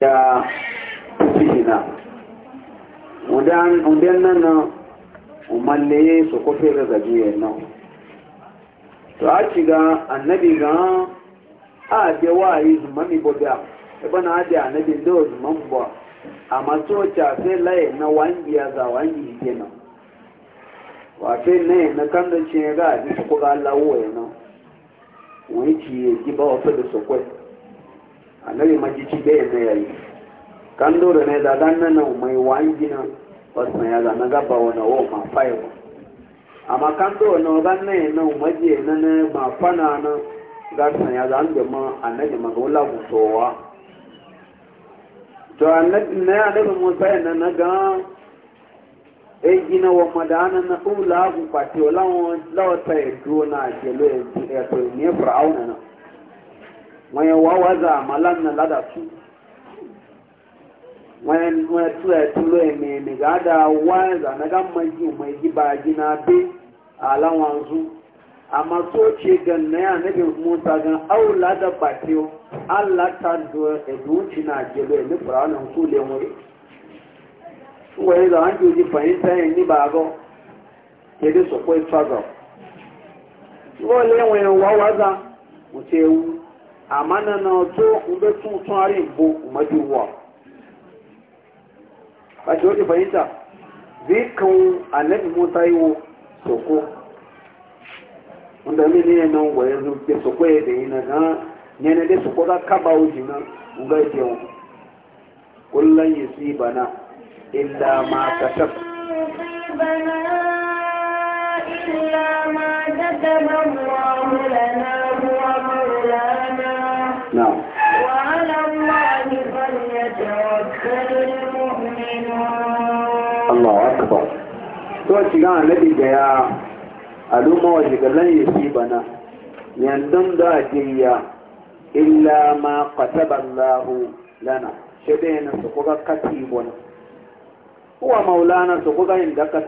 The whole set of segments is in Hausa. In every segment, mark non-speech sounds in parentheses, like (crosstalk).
da fihina udan nan na umarle su kofi daga juyen nan to a shiga annabi ga a je wayi zumami boga ebe na aje annabi da zuman ba a matsoca sai laye na wangi ya za wangi ike nan wafe na ga a ji su kuka ya nan wani ciye ji ba wasu da su kwai annabi majici bai na yayi kan dole ne da dan nan mai wangina wasu ya da na gaba wani o ma faiwa amma kan dole ne dan nan nan maje na ne ma fana na garsan ya da an da ma annabi magula gusowa to annabi ne annabi musa ya na ga gina wa madana na ula gu pati wala wa lawa ta edu na jelo edu ya to ne fir'auna na wọ́n yẹn wọ́n wá zà àmàlà nà ládà tú wọ́n yẹn wọ́n yẹn tú ẹ̀ tú lọ ẹ̀mí ẹ̀mí gàdá wá ẹ̀zà nàgà mọ̀ ẹ̀jì mọ̀ ẹ̀jì bá ẹ̀jì náà bẹ́ àláwọn zú àmà tó ṣe gan náà níbi mùsà gan áwò ládà pàtí ó aláta do ẹ̀dùn tì náà jẹ̀lọ ẹ̀mí pàrọ̀ àwọn kú lé wọn rí wọ́n yẹn zà wọ́n fàyín sẹ́yìn ní bàbá kéde sọ̀kọ́ ìtọ́gọ̀ wọ́n lé wọn wá wá zà mo ti amma na na to inda tun tunari bo majuwa ba shi wajen fahimta zai kan annabi musa yi wo soko inda mini ne nan wa soko ya da yi na na na kaba na bana ma coci ga annabi da ya al'umma wa shigalan ya fi bana yanzu da ajiya illa ma kataba Allahu lana shebe na su kuka kati wani kuwa maulana su kuka yin da ka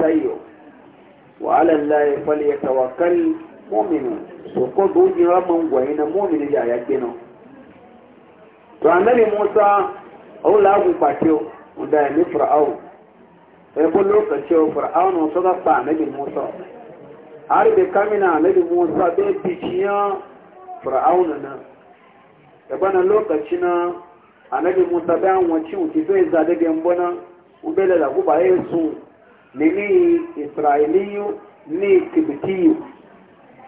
ko lokacin fir'aunu su ga fa annabi musa har da kamina annabi musa bai biciya fir'aunu nan da bana lokaci na annabi musa bai an wace wuce zai zade da yambona ubele da guba ya su ne ni isra'iliyu ni kibitiyu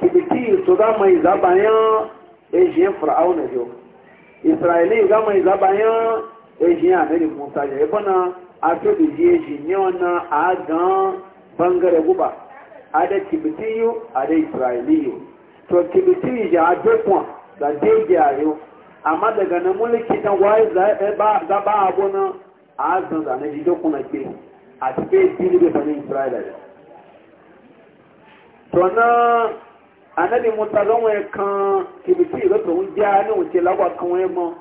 kibitiyu su ga mai zabayan ejiyan fir'aunu yau isra'iliyu ga mai zabayan ejiyan annabi musa ya yi bana a to da je shi ne wannan a gan bangare guba a da kibitiyu a da israeliyu to kibitiyu ja a dokon da dai gyaru amma daga na mulki dan waye za ba abu nan a zane ji dokon ake a cikin jirgin sanin israeliyu to na anabi musa zan wani kan kibitiyu da tsohon jiya ne wuce lagwa kan wani ma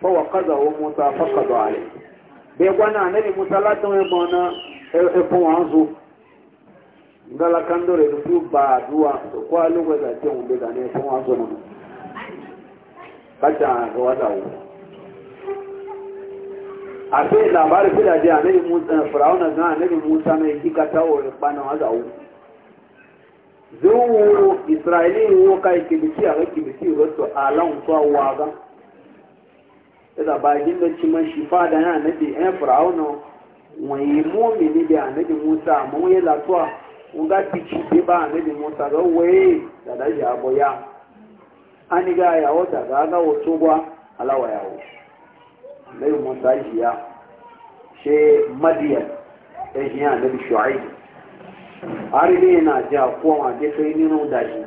fawa kaza wa musa faka alai bai gwana annabi musa latin wai mana efin wanzu ngala kando re du ba duwa to kwa lugo za te un be gane fun wanzu mun kacha ga wada wu a sai labarin fila da annabi musa fir'auna ga annabi musa ne kika tawo re bana wada wu zuwu israili wo kai kibiti a kibiti roto alan kwa waga da bagin da ciman shi fada ya nabi ɗan fir'auna wani momini da annabi musa amma wani latuwa nga pichi bi ba annabi musa ga waye da da ya boya ani ga ya wata ga ga wato gwa alawa yawo nabi musa shi ya she madiyan e shi ya annabi shu'aib ari ne na ja ko ma je kai ni no da shi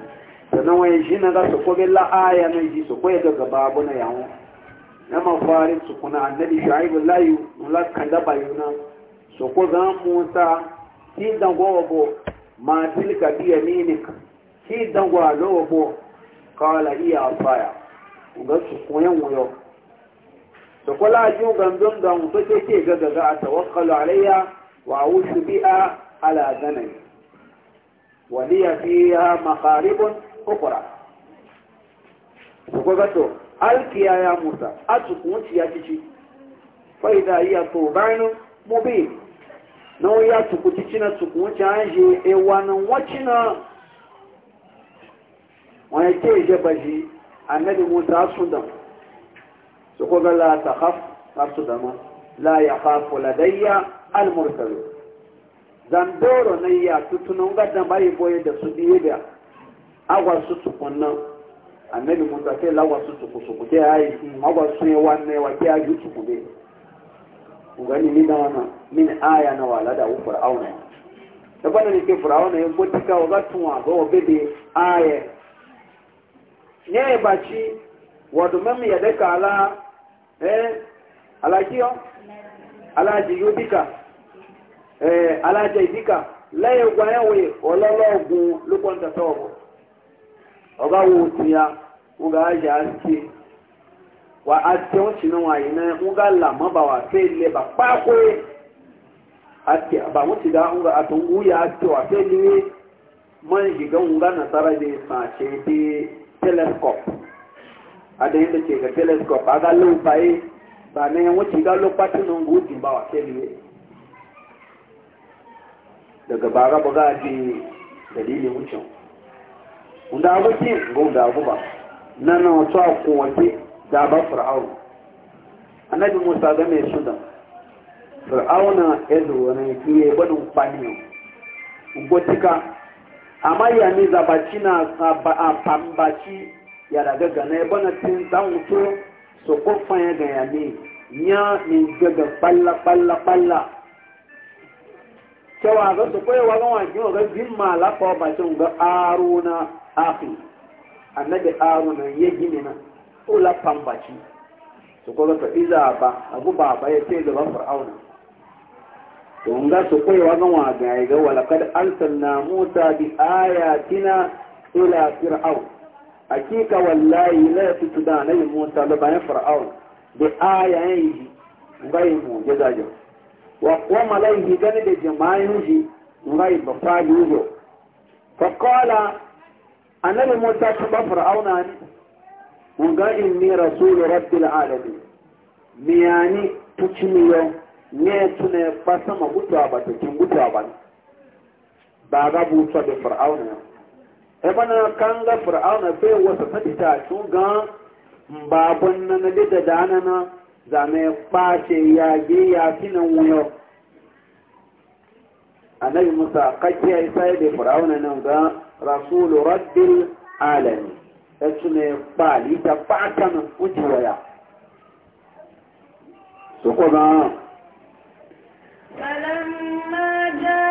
sannan wani shi na ga su ko bella aya na ji su ko ya ga babu na yawo na mafarin su kuna annabi shu'aibu layu mulakan kanda bayuna so ko zan musa ki dango go ma tilka bi yaminik ki dango alo go kala iya afaya ga su koyan wayo so ko la ju gandon da mu to ce ga ga ga tawakkalu alayya wa a'udhu bi'a ala zanani wa liya fiha maqarib ukhra ko ga to alkiya ya musa a tukun ya cici fa'ida iya turbanu mube na ya tuku cici na tukun ci an je ewa na wacce na wani ke je baji annabi a su da su koga la ta haf har su dama la ya hafu ladayya almurtari zandoro na ya tutunan gadan bayi boye da su biye da agwa su tukun annabi musa ke lawa su suku suku ke ayi mawa su ne wanne wa ke ayi suku ne ugani ni dawana min aya na wala da ufur auna da bana ne ke furauna yin gotika wa gatuwa ga wa bebe aya ne ba ci wa dumam ya da kala eh alakiyo alaji yudika eh alaji yudika laye gwaye we olologun lukwanta tawo ọba wo tia woga ya ake wa ate wọn kyerɛ wọn ayi na woga la ma ba wa fe le ba kpaakoe ate ba wọn ti da woga ato wo ya ate wa fe le man yi ga woga nasara de san kye de telescope ade yɛn de kye ka telescope aga lew ba ye ba ne wọn ti ga lo pati na wo di ba wa fe le daga ba aga bɔ ga di dalilin wucin ndago ti go ndago ba nana wato a kowace da ba fir'aun annabi musa ga mai sudan fir'auna ya zuwa na kiye gwadon faniyo gotika amma ya ne zabaci na pambaci ya daga gana ya bana tin dan wuto so kofan ya ga ya ne nya ne gaga balla balla balla cewa ga su koyewa ga wajen ga bin malaka ba cin ga aruna akhi annabi aruna ya gini na ula pambaci su kuma ta iza ba abu ba ba ya ce gaban fir'auna to nga su kai wa gan wa ga ga wala kad arsalna musa bi ayatina ila fir'aun akika wallahi la tutuna nabi musa da bayan fir'aun bi ayayin ngai mu ya zaje wa wa malaihi gani da jama'in shi ngai ba fadi yo fa qala annabi musa ta ba fir'auna ne mun ga ni rasulu rabbil alamin miyani tucimiyo ne tune ba sama gutuwa ba ta kin gutuwa ba ba ga buta da fir'auna e bana kan ga fir'auna sai wasa ta tun ga babon na na da dana na zame ɓace yage ya finan wuyo annabi musa ya sai da fir'auna nan ga رسول رب العالمين اسمه بالي تفاتن وجويا سقوما فلما جاء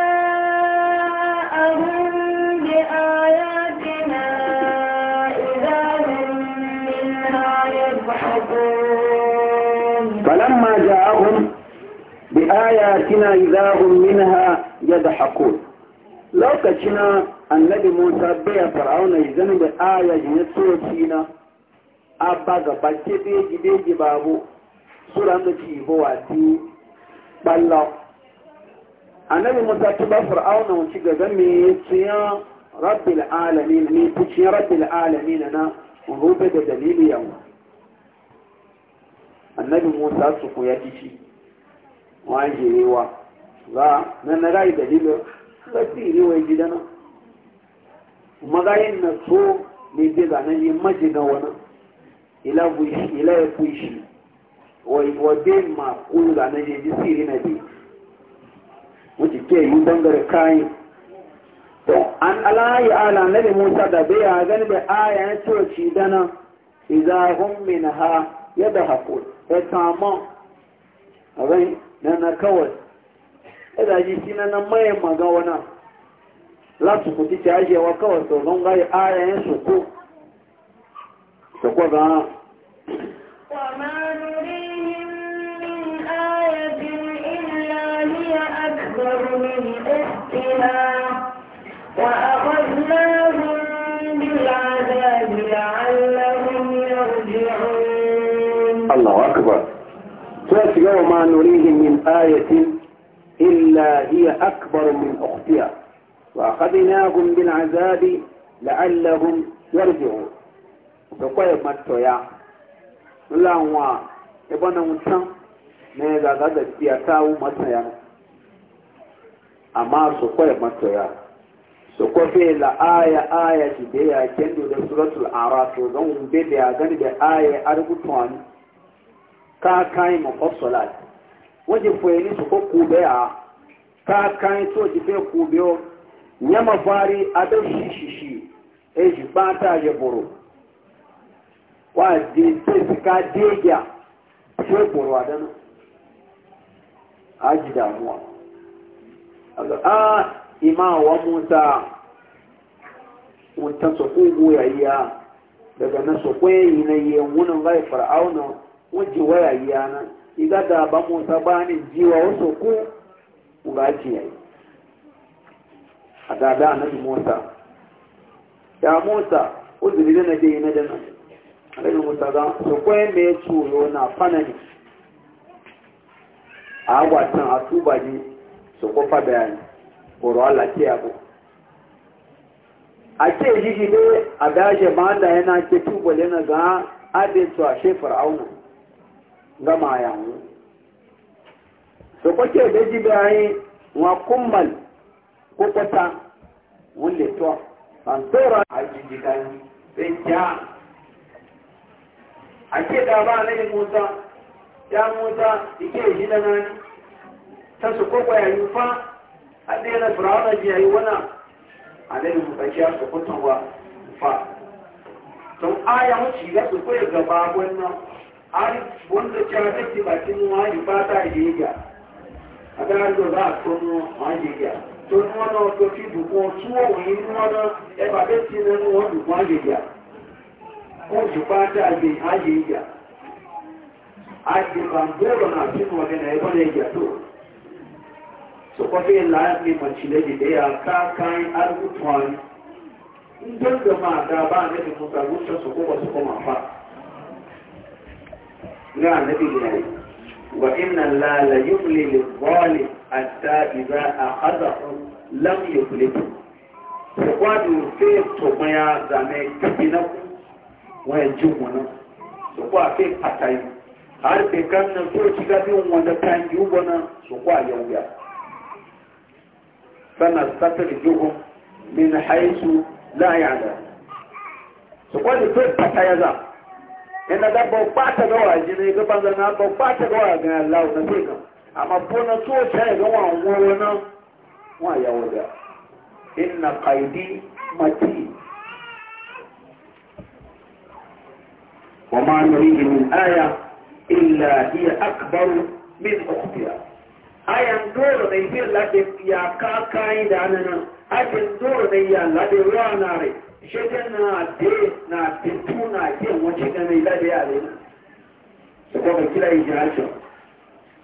فلما جاءهم بآياتنا إذا هم منها يضحكون لو كشنا annabi musa baya fir'auna ya zama da aya ya soci na abba ga bakke beji beji babu sura da ci bo wati balla annabi musa ta ba fir'auna mu ci gaza me tsiya rabbil alamin ne tuci rabbil alamin na rube da dalili yau annabi musa su ku ya kici wa, za na na rai dalilin sai riwaye gidana magayin na so ne zai zanen yi majigan wani ila bushi ila ya fushi wa bai ma kuru zanen yi ji siri na bi wuce ke yi dangare kayan to an alayi ala na nabi musa da bai ya gani da aya ya ce ci dana iza hun min ha yadda haƙo ya samu a zai na na kawai ya zaji shi na na mayan magawana lásìkò títí ayé wọn kọ́wọ̀ sọ̀rọ̀ ń gáyé ààrẹ ń sòkó sòkó gan-an الله أكبر فأتي يوم ما نريهم من آية إلا هي أكبر من أختها وأخذناهم بالعذاب لعلهم يرجعون sọkọyẹ matọ ya ńlá wọn a ẹbọ náà ń tán na ẹ gàgà dàtí àtàwọn matọ ya àmà la aya aya dìde ya kẹndù dẹ sọrọtù ara tó lọhùn bẹẹ bẹẹ agani bẹ aya arúgbó àná káàkán mọ ọsọlá a nye mafari abin shishishi e shi bata ya buru e wa de sai suka degiya sai buru a dana aji damuwa a imawa musa wata ya daga na enyi na yi wunan gai fara'auna wajen waya na iga da ba musa ba ni jiwa wasu ku ga ci A anábì mọ́ta ya na ó sì rí lẹ́nà dé iná dẹ́nà anábì mọ́ta ga sọ̀kọ́ ẹ̀mẹ́ ètò òyò na a a panẹ́lì àwàtàn àtúbàjì sọ̀kọ́ fàbẹ̀yàn bọ̀rọ̀ alàtí ke àti èyíkì pé àdáyẹ máa ń dáyẹ náà ké túbọ̀lẹ́ náà ga adétò àṣẹ fàràwọn gama àyàwó sọ̀kọ́ tí èdè jíbẹ̀ ayé wa kumbal ko kwata wule to tora a yi sai ja a ke da ba na musa ya musa ike yi da nani ta su ya yi fa a ɗaya na firawuna yi wana a ɗaya musa ya su kutuwa fa tun aya wuce ga su kwaye gaba wannan yi wanda ci a cikin bakin wani ba ta yi ga a ga har za a tono wani ya torí wọ́n náà tó fi bùkún tún òun inú wọ́n náà ẹgbà bẹ́ tí nínú wọn bùkún àgbègbè wọ́n jù bá dá àgbè ayé ìyà àgbè bàbóòrò náà tí wọ́n gẹ̀ náà ẹgbọ́n ìyà tó sọpọ́tẹ́ ìlà ní mọ̀chílẹ̀ dìde àkákáín arúgbùtúwárí ndóńdó máa dá bá ànẹ́bì musa gúúsọ sọkọ́wọ́ sọkọ́ máa fa ní ànẹ́bì wà lè hatta idza akhadahu lam yuflitu sokwadu fe tomaya zane kibina ku waya jin wani sokwa fe patayi har fe kan na so ci gabi wanda kan yi ubana sokwa yauya sana satar juhum min haisu la ya'lam sokwadu fe pataya za ina da babba ta gawa jini gaban zana babba ta gawa ga Allah na sai اما بونا تو تاي دو وان وونا وا يا ودا ان قيدي متي وما نريد من آية إلا هي أكبر من أختها آية نور من في لدف يا كاكا إذا أننا آية نور من يا لدف يا ناري شجنا دي نا تتونا دي وشجنا إلا دي آلين سوف كلا إجراء شخص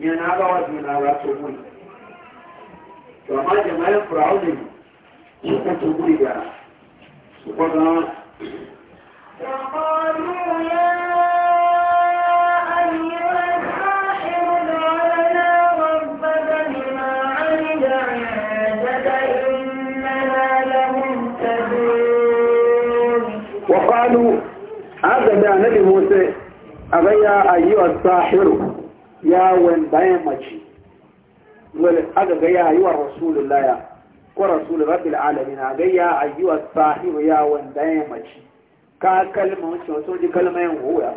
yana ba wa juna ba to mun to amma jama'in وقالوا يا أيها الساحر ادع ربك بما عمد عندك إننا لمهتدون وقالوا هذا ده نبي موسى أبيا أيها الساحر yawon bayan mace wani aga ga yayuwa rasulullaya ko rasulun rabbil alamin a ga ya ayyuwa sahibu yawon bayan mace ka kalma wacce wasu ji kalma yin wuya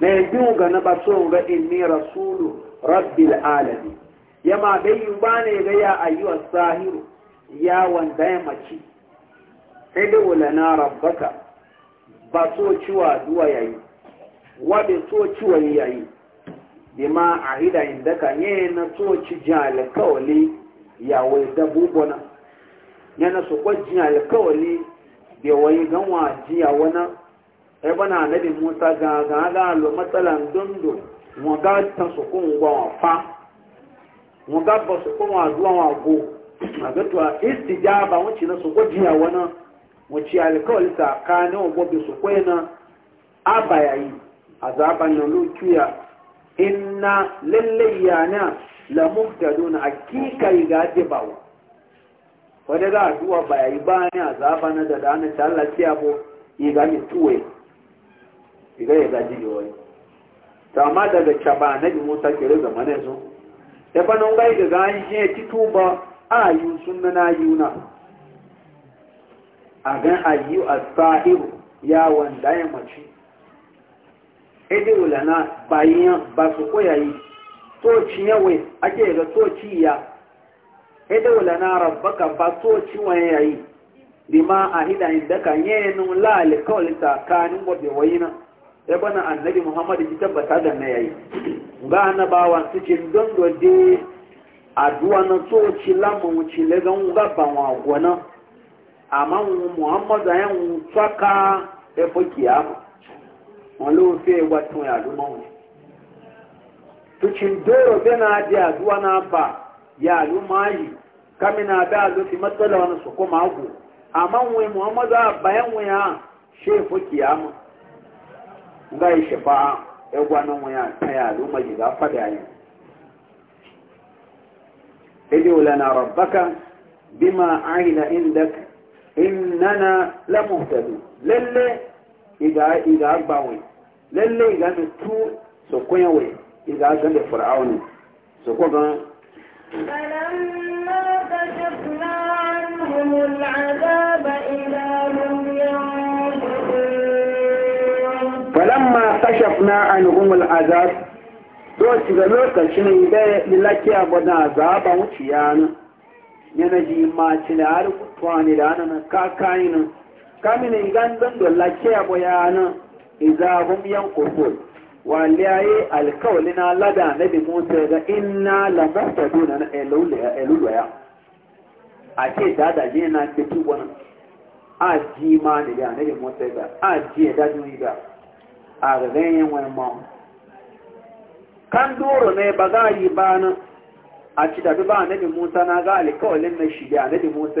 na biyu ga na baso ga inni rasulu rabbil alamin yama bai yi ba ne ga ya ayyuwa sahiru yawon bayan mace sai da wulana rabbaka ba so ciwa duwa yayi wa bai so ciwa yayi bima ahida indaka nye na to ci jin alkawali ya wai dabu bona nye na su kwa jin alkawali bai wai ganwa ji ya wana ai bana nabi musa ga ga ga lo matsalan dondo mo ga ta su kun gwa fa mo ga ba su kun wa zuwa wa go a ga to istijaba wuce na su kwa jin ya wana mo ci alkawali tsakanin gobe su kwena abaya yi azaban nan lu kiya inna lalle yana la muhtadun hakika ga de bawo wanda za a duwa yi ba ne a zaba na da dana ta Allah abu yi ga mi tuwe yi ga ya gaji yi wani ta ma daga caba na bi musa kere zama ne zo ya fa nan gai ga an shi ya titu ba a yi sun na yi na a gan a yi a sahiru ya wanda ya mace ede ulana bayan ba su koya yi toci yawai ake da toci ya ede ulana na rabbaka ba toci wani yayi bima a hida inda ka yenin la'ali kawai tsakanin gobe wayi na ya bana annabi muhammadu ki tabbata da na yayi ga annabawa cikin dondode aduwa na toci lamun wuce legan gaban wagona amma muhammadu ya tsaka ya wọn ló fi ẹwà tún ẹ àdúmọ wọn tuntun dóòrò bẹ́ẹ̀ náà di àdúrà náà bà yà àdúmọ ayì kámínà abẹ́ àlòfin mọ́tọ́lá wọn máa wò wọn muhammadu abayẹ wọn yà ṣé èfó kìí àmọ́ nga yìí ṣẹ̀fà ẹwà náà wọn yà tán yà àdúmọ yìí bá fàdé ayé ẹni wò lẹ́nu àrọ̀bákà bímọ àyìnlá iga iga gbawe lalle iga mi tu so kwenwe iga ga da fir'aun so ko gan falamma kashafna anhum al'azab ila hum lokacin da lillaki abada azaba wuciya na yana ji ma cin kutuwa ne da ana kamini gandan da lakiya bayana izahum yankusun waliyaye alkawali na lada nabi musa ga inna la muhtaduna na elulaya a ce dada je na ke tubona a ji ma ne ga nabi musa ga a ji e da duni ga a ga ganyen wani ma kan doro ne ba za yi ba na a ci tafi ba bi musa na ga alkawalin na shiga nabi musa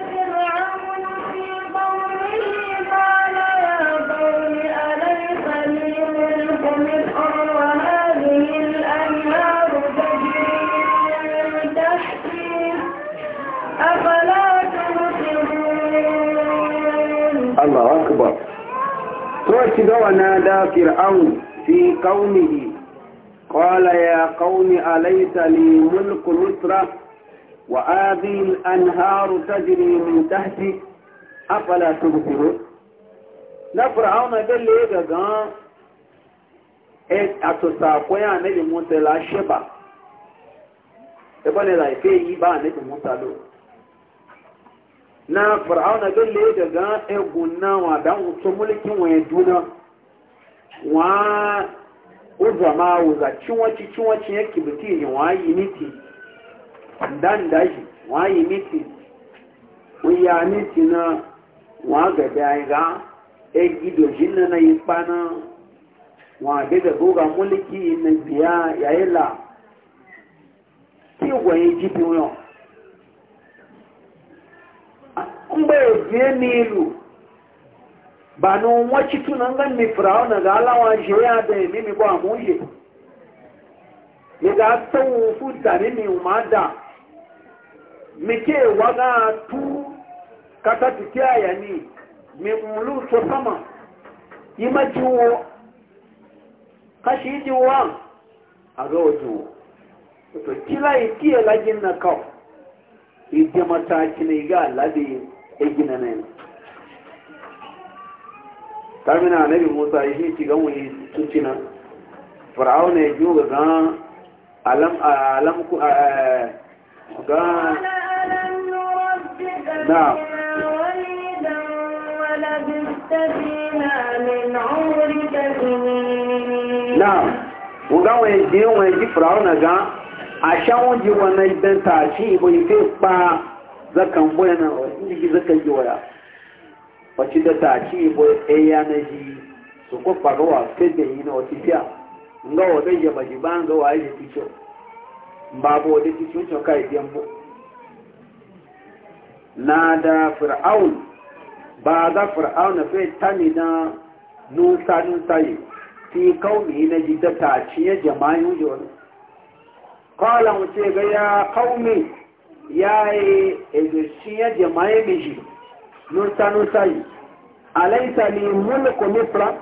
akbar وكذا ونادى فرعون في قومه قال يا قوم أليس لي ملك مصر وآذي الأنهار تجري من تحتي أفلا تبصرون لا فرعون قال لي إذا أتساقوا عن موسى لا شبع إبن لا يفيه يبع عن موسى لو na fir'auna galle daga egun na wa da wuce mulkin wa duna wa uzwa ma wuza ciwaci cinwaci ya kibiti ne wa yi miti dan daji wa yi miti wuya miti na wa ga ga e gido jinna na yi kpana wa ga da goga mulki na biya la ki gwaye jibin yau mgbe ebie n'ilu ba na nwa chitu na nga mmefura ọ na ga alawa je ya da emi mi gba mu ye mi ga tawu fu tani mi mi wa ga tu kata titi aya ni me mulu so sama yi ma jiwo kashi iji a ga ojiwo to kila yi kiye lajin na kawo ije mataki na iga alabe yi egina na anabi musa yi shi ci gan wani tuncina fir'auna ya ji ga gan alam eh, gan na na wuga wani ji wani ji fir'auna gan a shan wani ji wani idan ibo ife pa zakan boyana inji zakan waya wacce da ta ci bo eya yana ji su ko faruwa sai da yi na wacce fiya nga wa dai ya ji ba nga wa yi ticho babu da ticho to kai biyan bo na da fir'aun ba da fir'aun sai tani na nusa nusa yi fi kauni na ji da ta ci ya jama'in yi wani qala mu ce ga ya kauni yayi ezuciya jama'i miji nusa nusa yi alaisa ni mulku misra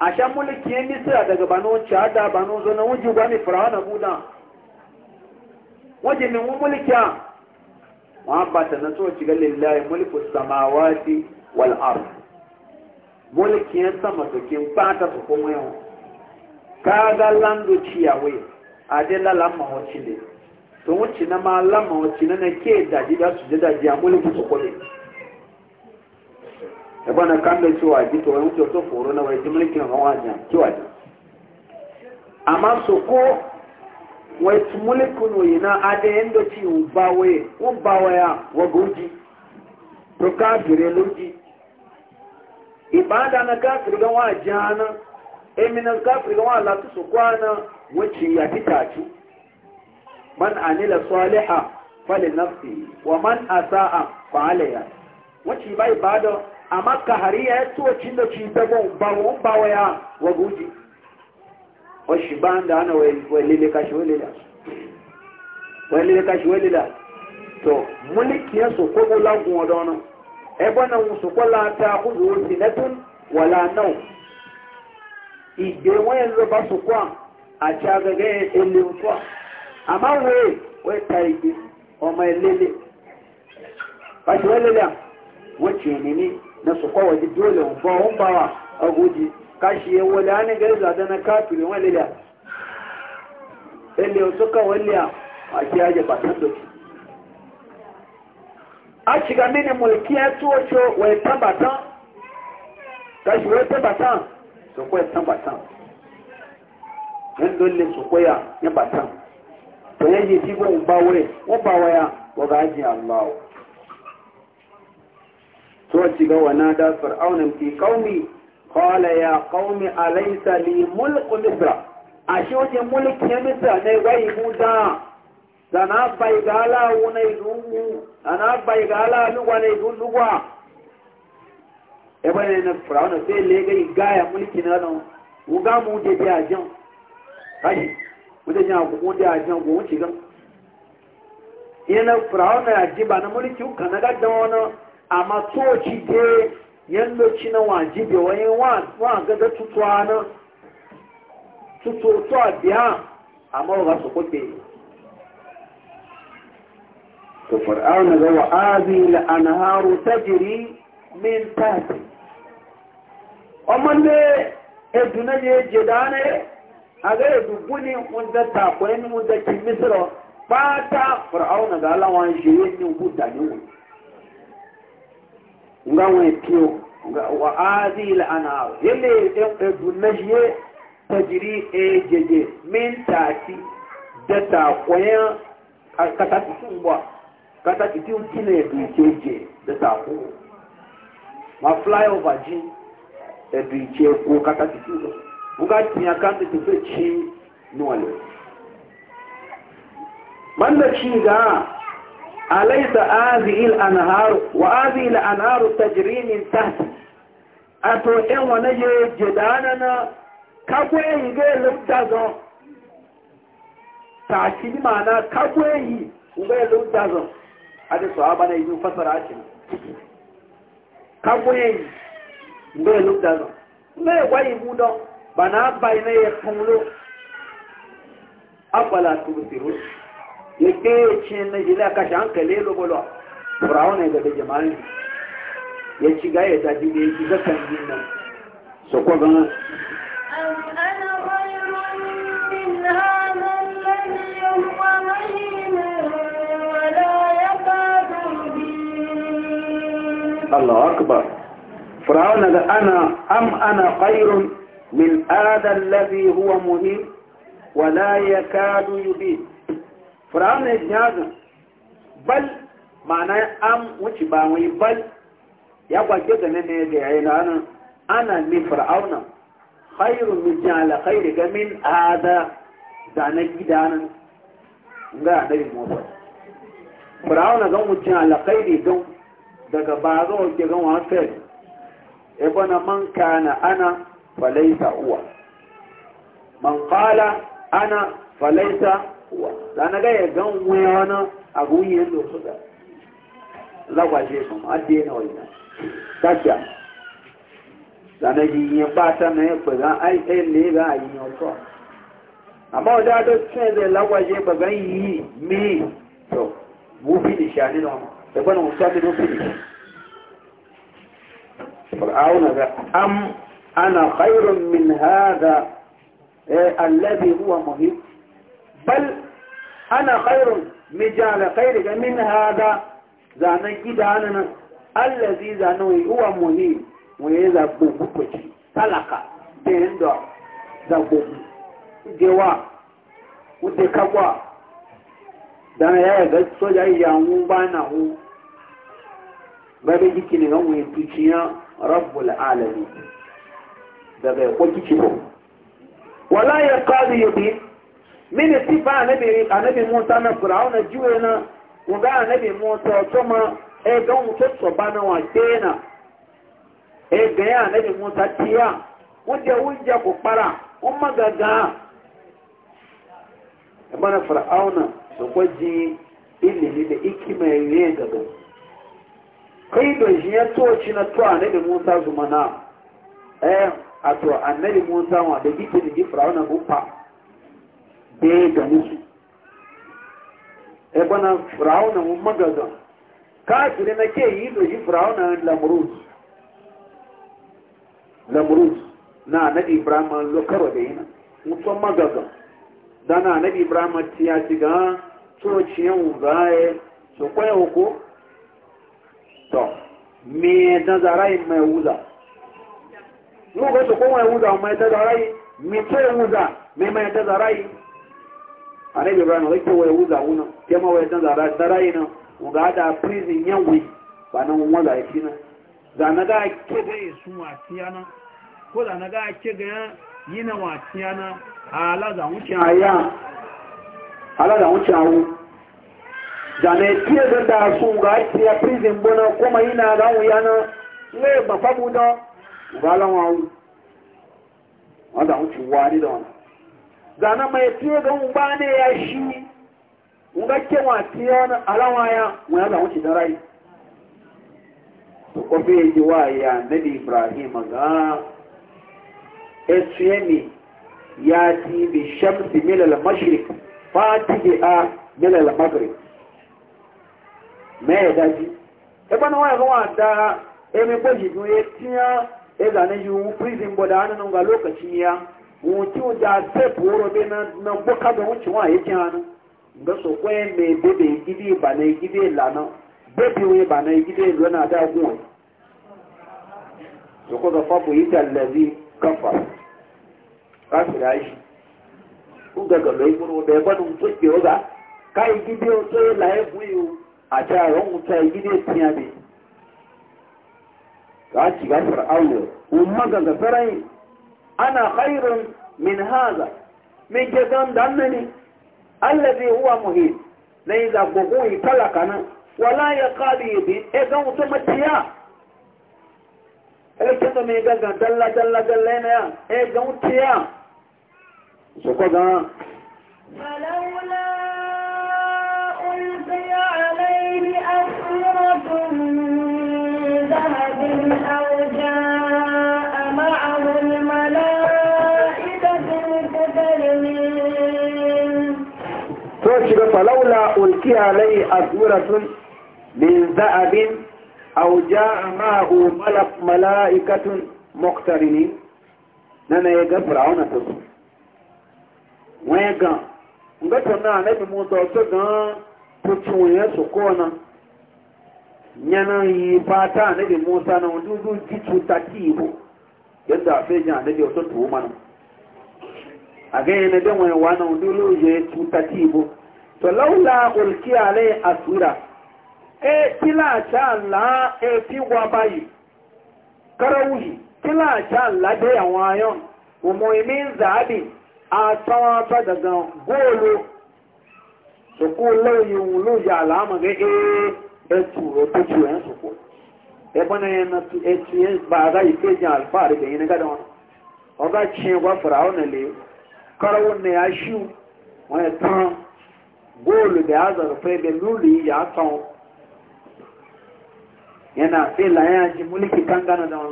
a shan mulki ya misra daga banu cada banu zona wuji gwani firawuna buda wajen min mulki a wọn ba ta na tsohon shiga lillahi mulku samawati wal ard mulki ya sama su kin fata su kuma yau kaga landu ciyawai a dai lalamma wacce to wuce na ma lama wace na na daji da su daji a mulki su kone na kan da cewa to to foro na wai mulkin hawa ja kiwa ji na ade yanda ci un ba wai un ba to ibada na ka firgan wa jana eminan ka soko wa latu man amila saliha fali nafsi wa man asa'a fa alayha wacce bai bada amma ka hari ya to cin da ci da gon ba won ba waya wa guji wa shi banda ana wai lele kashi wai lele wai lele kashi wai lele to mulki ya so ko gola gon dono e bona un so kola ta ku zo sinatun wala nau igbe wọn yẹn lọ bá sọ a àti agagẹ ẹlẹ́wọ̀n kọ àmá wo wọ́n ta igi ọmọ ẹlẹ́lẹ́ pàṣẹ wọ́n lélẹ̀ wọ́n tì í nìní na sọ̀kọ́ wọ́n di dúró lè wọ́n bọ́ wọ́n bá wa ọgójì káṣí ẹ wọlé á ní gẹ́rẹ́ zàdánà káàkiri wọ́n lélẹ̀ ẹlẹ́ ọ̀tọ́kọ̀ wọ́n lé àti ajẹ́ pàtàkì a shiga mini mulkiya tuwaco wai tabbatan tashi wai tabbatan su kwaya tabbatan yin dole su kwaya ya batan to yaje shi ko ba wure ko ba waya wa Allah to ci ga wana da fir'auna fi qaumi qala ya qaumi alaysa li mulku misra ashe wace mulki misra ne wai buda sana bai gala bai gala lugwa ne e bane na fir'auna sai le ga mulki na mu je jin wata jan gugu da jan gugu ci gan yana firawa na yaji ba na mulki ka na gaddan wani amma tsoci de yan loci na waji da wani wa gada tutuwa na tutuwa biya a ba su kwafe to fir'auna ga wa'azi la anharu tajri min O ọmọdé ẹdùnà yẹ jẹdánẹ agare dubuni munda ta kwen munda ki misro pata fir'auna ga Allah wan shi yin ni buta ni wu nga wen piyo nga wa azil anar yele e, e dunajye tajri e jeje min tati da ta e, kwen kata tisun bwa kata tisun kine du jeje da ta ku ma flyover ji e du jeje ko kata tisun uga tinya kan da tufe ci nuwale man da ci ga alaisa azihil anhar wa azihil anhar tajri min tahti ato en wana ye jedana na kakwe yi ga lubda dazo. ta ci ni mana kakwe yi uga lubda zo ade sahaba na yi fasara ake kakwe yi uga lubda zo ne wa yi budon bana bayyana ya tunlo abala tusiru yake cin na jila ka shan kale lo bolo farawo ne daga jama'an ya ci gaya ya daji ne ya ci ga kan yin nan so ko ga Allah akbar. Fir'auna da ana am ana khairun من هذا الذي هو مهين ولا يكاد يبين فرعون يجهاز بل معنى أم وشباوي بل يقوى جدا من يجعل أنا أنا من فرعون خير من جعل خيرك من هذا دعنا جدانا ga ɗari motsa firawuna gan mutum alaƙai ne don daga ba zuwa ke gan wasu ya bana man falaisa huwa man qala ana falaisa huwa lana ga ya gan wani a gunyen da su da lagwaje su adde na wani tasha lana yi yin bata na ya kwaga ai ai le ga yi yin to amma wadda da tsaye da lagwaje ba gan yi me to mu finish ya ni na wani da ta fi don finish fir'auna ga أنا خير من هذا إيه الذي هو مهيب بل أنا خير مجال خيرك من هذا زانا جداننا الذي زانوي هو مهيب ويزا بوبوكوشي تلقى بيندو زبوب جوا ودكوا dana ya yaga soja yawon ba na hu ba da jikin ga wani tuciya rabbul alamin daga ya kwaki ciko wala ya kazi ya mini sifa anabi anabi musa na firawuna juwe na wuga anabi musa otoma ma e ga mu to so bana wa dena e ya anabi musa tia wunde wunde ko para umma gaga bana firawuna so kwaji ilimi da ikima ya gaba kai da shi ya toci na tuwa ne da musa zumana eh ato annabi musa wa da gike da gifra wani gufa da ya gani su ebe na firawuna mun magaza kafiri na ke yi da shi firawuna lamrus lamrus na annabi ibrahim lokaro da yana mutum magaza da na annabi ibrahim tiya ci ga tsociyan wuzaye su kwaye ko to me da zara mai wuza nugo to kuma ya wuza mai ta zarai mi to ya wuza mai mai ta zarai annabi ibrahim wai ko ya wuza wuna ke ma na mu e ga da e prison yanwi ba nan mu ga na da na ga ke ga su wa tiyana ko da na ga ke ga yina wa tiyana ala aya ala da wuce na da ga kuma ya na ne ba ba lan wawu wanda an ci wani da wani zana mai tiyo don ba ya shi nga ke wa tiyo na ya mu ya zan ci rai to ko wa ya nabi ibrahim ga esyemi ya ti bi shamsi min al mashriq a min al me daji e bana wa ga da e me ko ji ya zane yi wun prison bo da hannun ga lokacin ya wuci da tape wuro be na na da wuci wa yake hannu ga so kwaye mai bebe gidi ba na gidi lana bebe wai ba na gidi lana da guwa so ko da fafu yi tallazi kafa kafira shi ku ga ga lai buru da ba dun tuke oga kai gidi o to la buyu a ta ron ta gidi tiya be أنا خير من هذا من جدان دمني الذي هو مهيب ليس بقوي تلقنا ولا يقال بي إذا أتمتيا ولكن يجب ان يكون هناك جلال جلال جلال جلال جلال جلال فلولا ألقي عليه أزورة من ذهب أو جاء معه ملك ملائكة مقترنين نانا يقى فرعون تصر ويقى ngata na anabi musa ọsọ gan tuntun yẹn sọkọ na nyana yi pata anabi musa na wọn dúdú títú tàkì ìbò yadda afẹ́jì anabi ọsọ tó wọn na àgẹ́yẹn na dẹ́wọ̀n ẹ̀wà na wọn dúdú yẹ tú tàkì to laula ulki alai asura e kila cha la e ti wa bayi karawuhi kila la de àwọn ayon o mo imin zabi a tawa ta daga golo so ko lauyi e e turo en so ko e bana en tu e tu en ba ga ife jan alfari wọ́n ẹ̀ tán góòlù bẹ̀ azọ̀rọ̀fẹ́ bẹ̀ lóòlù yìí yà tán yana fẹ́ láyé ajé múlíkì kangana dán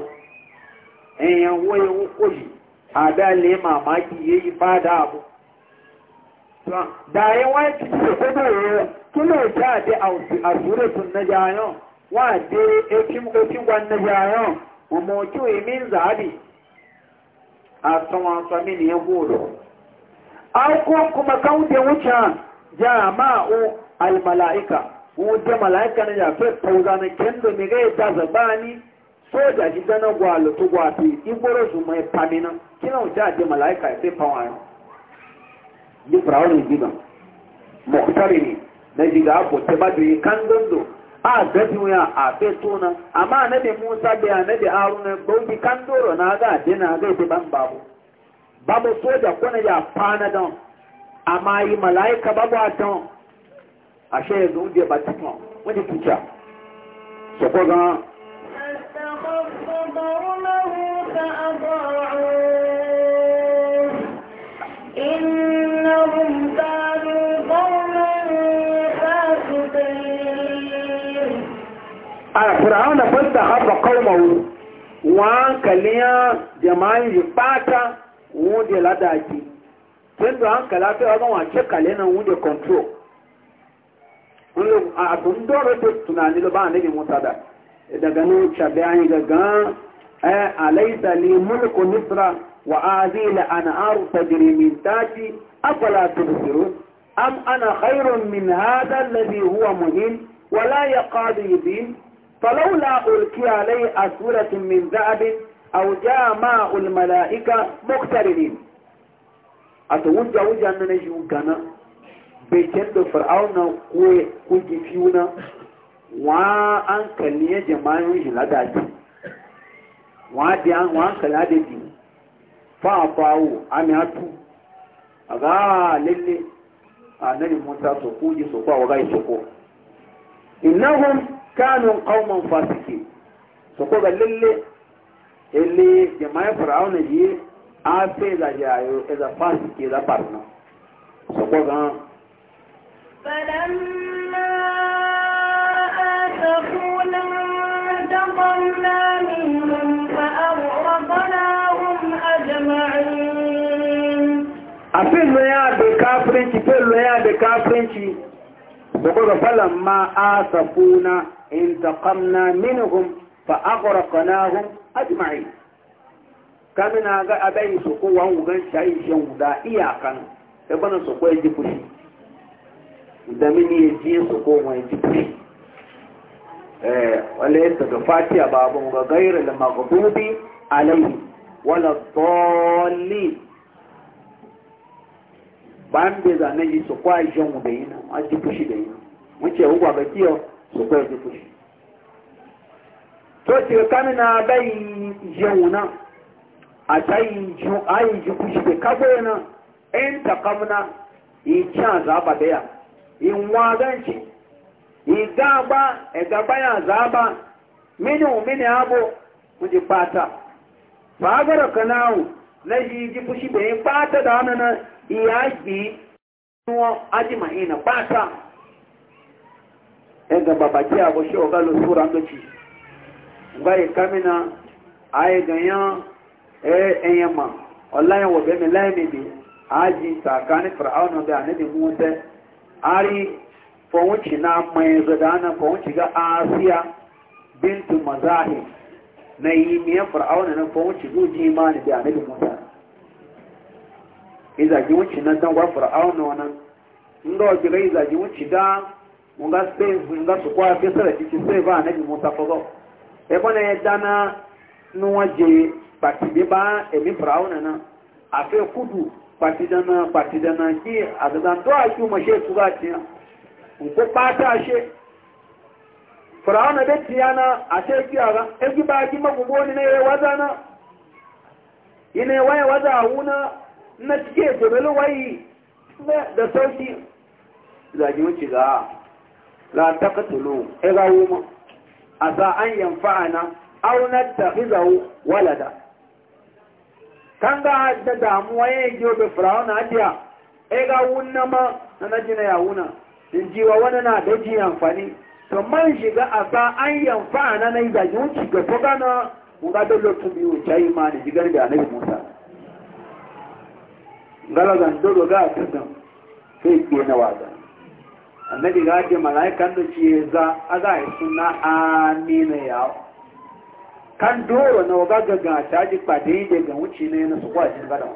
ẹ̀yàn wọ́ ẹwọ́ kò yìí àbẹ́ alẹ́ màmá kì yé yí bá dáàbò da yi wọ́n ti ṣe kódò rẹ̀ kí ló jẹ́ àdé àṣúrò tún dee yàn wọ́n àdé etí wa yàn ọmọ ojú èmi ń nìyẹn ń jama'u almala'ika wuce mala'ika na yafe tauza na kendo mi ga yadda n'i soja ji dana gwalo to gwafi igboro su mai pamina kina wuce a je mala'ika ya fe pawa yau ni firawunin gidan mokutari ne na jiga abu ta ba yi kan dondo a zafi wuya a fe tona amma anabi musa na anabi haruna bauki kan doro na ga dina ga ita ban babu babu soja kwana ya fana don amma yi mala'ika babatan a shayar zunje ba cikin wani tuta su ko gan a firayen da fasta haɓa kalmaru wa kalliyar jama'in ya fata wunde ladaki tendo hankala ta yawan wace kalenan wude control abin doro da tunani da ba a nabi musa da daga nan shabi an yi gaggan alaisa li mulku misra wa azila ana aru tajri min tati afala tubsiru am ana khairun min hadha alladhi huwa muhin wa la yaqadu yubin فلولا ألقي عليه أسورة من ذهب أو جاء ماء الملائكة مقترنين ata wujja wujja nana yi gana bai kenda fir'auna ko ko gifiuna wa an kalliye jama'in shi ladaji wa bi an wa an kalla da bi fa fawo amiatu aga lalle annabi Musa so ko so kwa ga so ko innahum kanu qauman fasiqin so ga lalle lalle jama'in fir'auna yi antes la llave, es la paz que la parna. Socorro. فلما آسفونا انتقمنا منهم فأغرقناهم أجمعين أفل يا بكافرنتي فل يا بكافرنتي بقول فلما آسفونا انتقمنا منهم فأغرقناهم أجمعين kami na ga abayi su ko wan wugan shayi shan guda iyakan da bana su ko yaji fushi da mini ya ji su ko ji eh wala yasta ga fatiha babu ga gairu da maghdubi alaihi wala dhalli ban za na yi su kwa a ji fushi da yana mun ce hukwa ga kiyo su ko yaji e to kami na a tayin ji kushi da kabo yana in takamna yi can zaba daya in waganci yi gaba e gaba ya zaba mini mini abu kuji fata fagara kanawu na ji ji kushi da yin fata da hannun iya ji nuwa ajima ina fata e gaba baki abu shi ogalo sura ndoci gwa ikamina a yi ganyan ẹyẹ ma ọláyẹ wọ bẹ́ẹ̀ mi láìmìdì ààjì ìtàkà ní fìràwọn ọdẹ àníbi mú sẹ àárí fọwọ́nchì náà mọ̀ẹ́ ga àásíà bíntu na yi miya fìràwọn ọdẹ fọwọ́nchì ló jí ma níbi àníbi mú sẹ ìzàjì náà dánwà fìràwọn ọ̀nà dá nga àfẹ́sẹ̀rẹ̀ kpatide ba emi firawo nana afe kudu kpatidana kpatidana ki azadan do ashi ma she tuga tiya nko kpata ashe firawo na be tiya na ashe ki aga egi ba ki ma gugu ni ne waza na ine waya waza awuna na tike jebelu wayi da sauki la taqtulu ega wuma asa an yanfa'ana aw nattakhizahu walada kan ga da damuwa ya yi da firawun hadiya E ga wunna ma na na jina ya wuna in jiwa wani na da ji amfani to man shiga a sa an yamfa na na yi zagi wuce ga to gana wuga da lotu biyu ta yi ma da jigar da yi musa galagan dodo ga tunan sai ke na wada annabi ga ji mala'ikan da ce za a ga suna amina yawo kan doro na waga gaga ta ji pàdé da ga wuce ne na suwa jin gada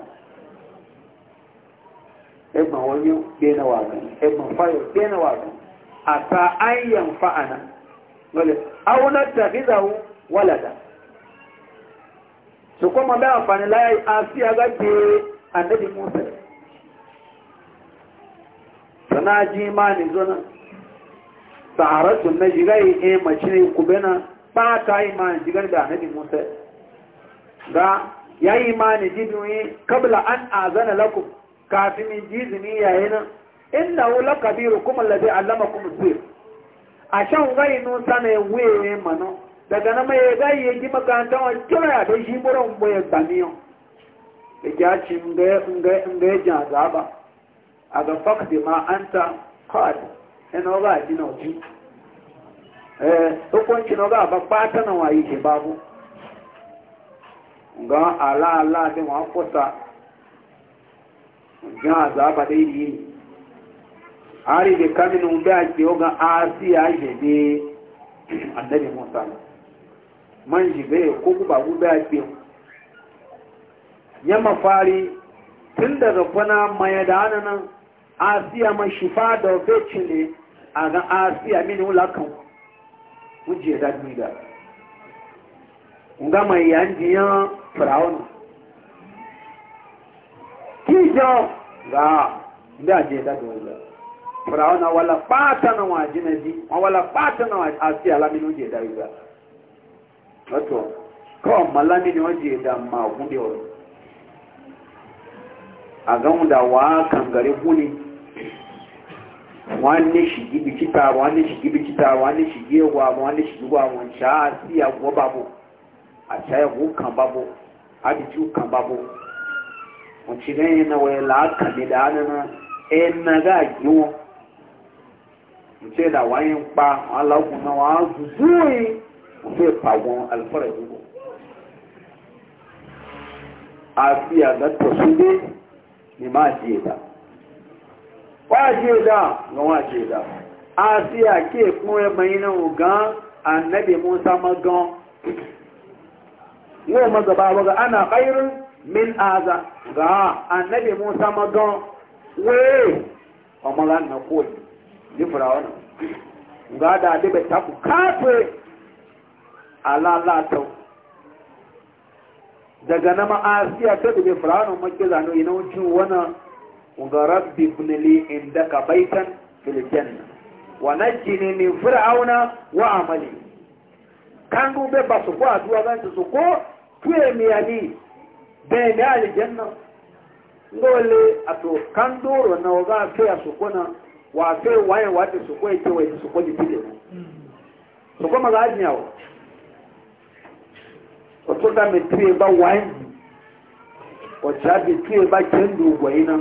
ẹgbọn wani gbena wagan ẹgbọn fayo gbena wagan a ta an yan fa'ana wale aunar tafizahu walada su kuma bai amfani layi a siya gaje annabi musa sana ji ma ne zo nan saharatun na jirai e eh, mace ne kubena ɓata imani jigar da annabi musa ga ya yi imani jiduni kabla an azana lakum kafin min jizini yayi nan inna hu lakabiru kuma lazi allama kuma sir a shan gai nusa na wuye mano daga na mai gai ya ji makarantar wa kira da shi buran boye gbamiyo da ya ci nga ya jan zaba a ga fakti ma an ta kawai yana ga ajina ojiyu Eh, hukunci na ga ba bata na wayi shi babu ga ala ala da wa kusa ga za ba dai yi ari da kamin da ke ga ya je (clears throat) be anabi Musa man ji be kogu ba be da ke ya ma tun daga fana mai da nan asiya ma shifa da fecin ne a ga asiya mini wulakan wuje da gida nga mai yanjiyan firawun kijo ga da je da dole firawun wala pata na waji na ji wala pata na waji asi alami wuje da gida wato kawo malami ne wuje da ma gudewa a gan da wa kangare gune wọn lè ṣìgí bí títà wọn lè ṣìgí bí títà wọn lè ṣìgí ẹwà wọn lè ṣìgí wà wọn ṣá sí àwọ bàbò àṣà ẹwọ kan bàbò àdìtú kan bàbò wọn ti lẹyìn náà wọn làákàlẹ dáná náà ẹ nàgà yí wọn nti da wọn yẹn pa wọn alágùn náà wọn azùzúwìn wọn fẹẹ pa wọn alifọrọ ìdúgbò àfi àgbàtọ sódé wajeda ga wajeda asiya ke kuma mai na ugan annabi musa magan yau magaba waga ana kairun min aza ga annabi musa magan wee ọmọla na koyi ni furawa na ga da adibe taku kafe alalatau daga nama asiya ta dube furawa na makila no ina wucin wannan nga rabbi ibnili indaka baitan fil janna wa najjini min fir'auna wa amali kangu be basu ko aduwa ban su ko tuye mi ali be ne ali janna ngole ato kandoro na oga fe asukona wa fe waye wate su ko ite waye su ko dipile su ko maga ajnyawo otoda me tuye ba waye o chabi tuye ba kendo gwaina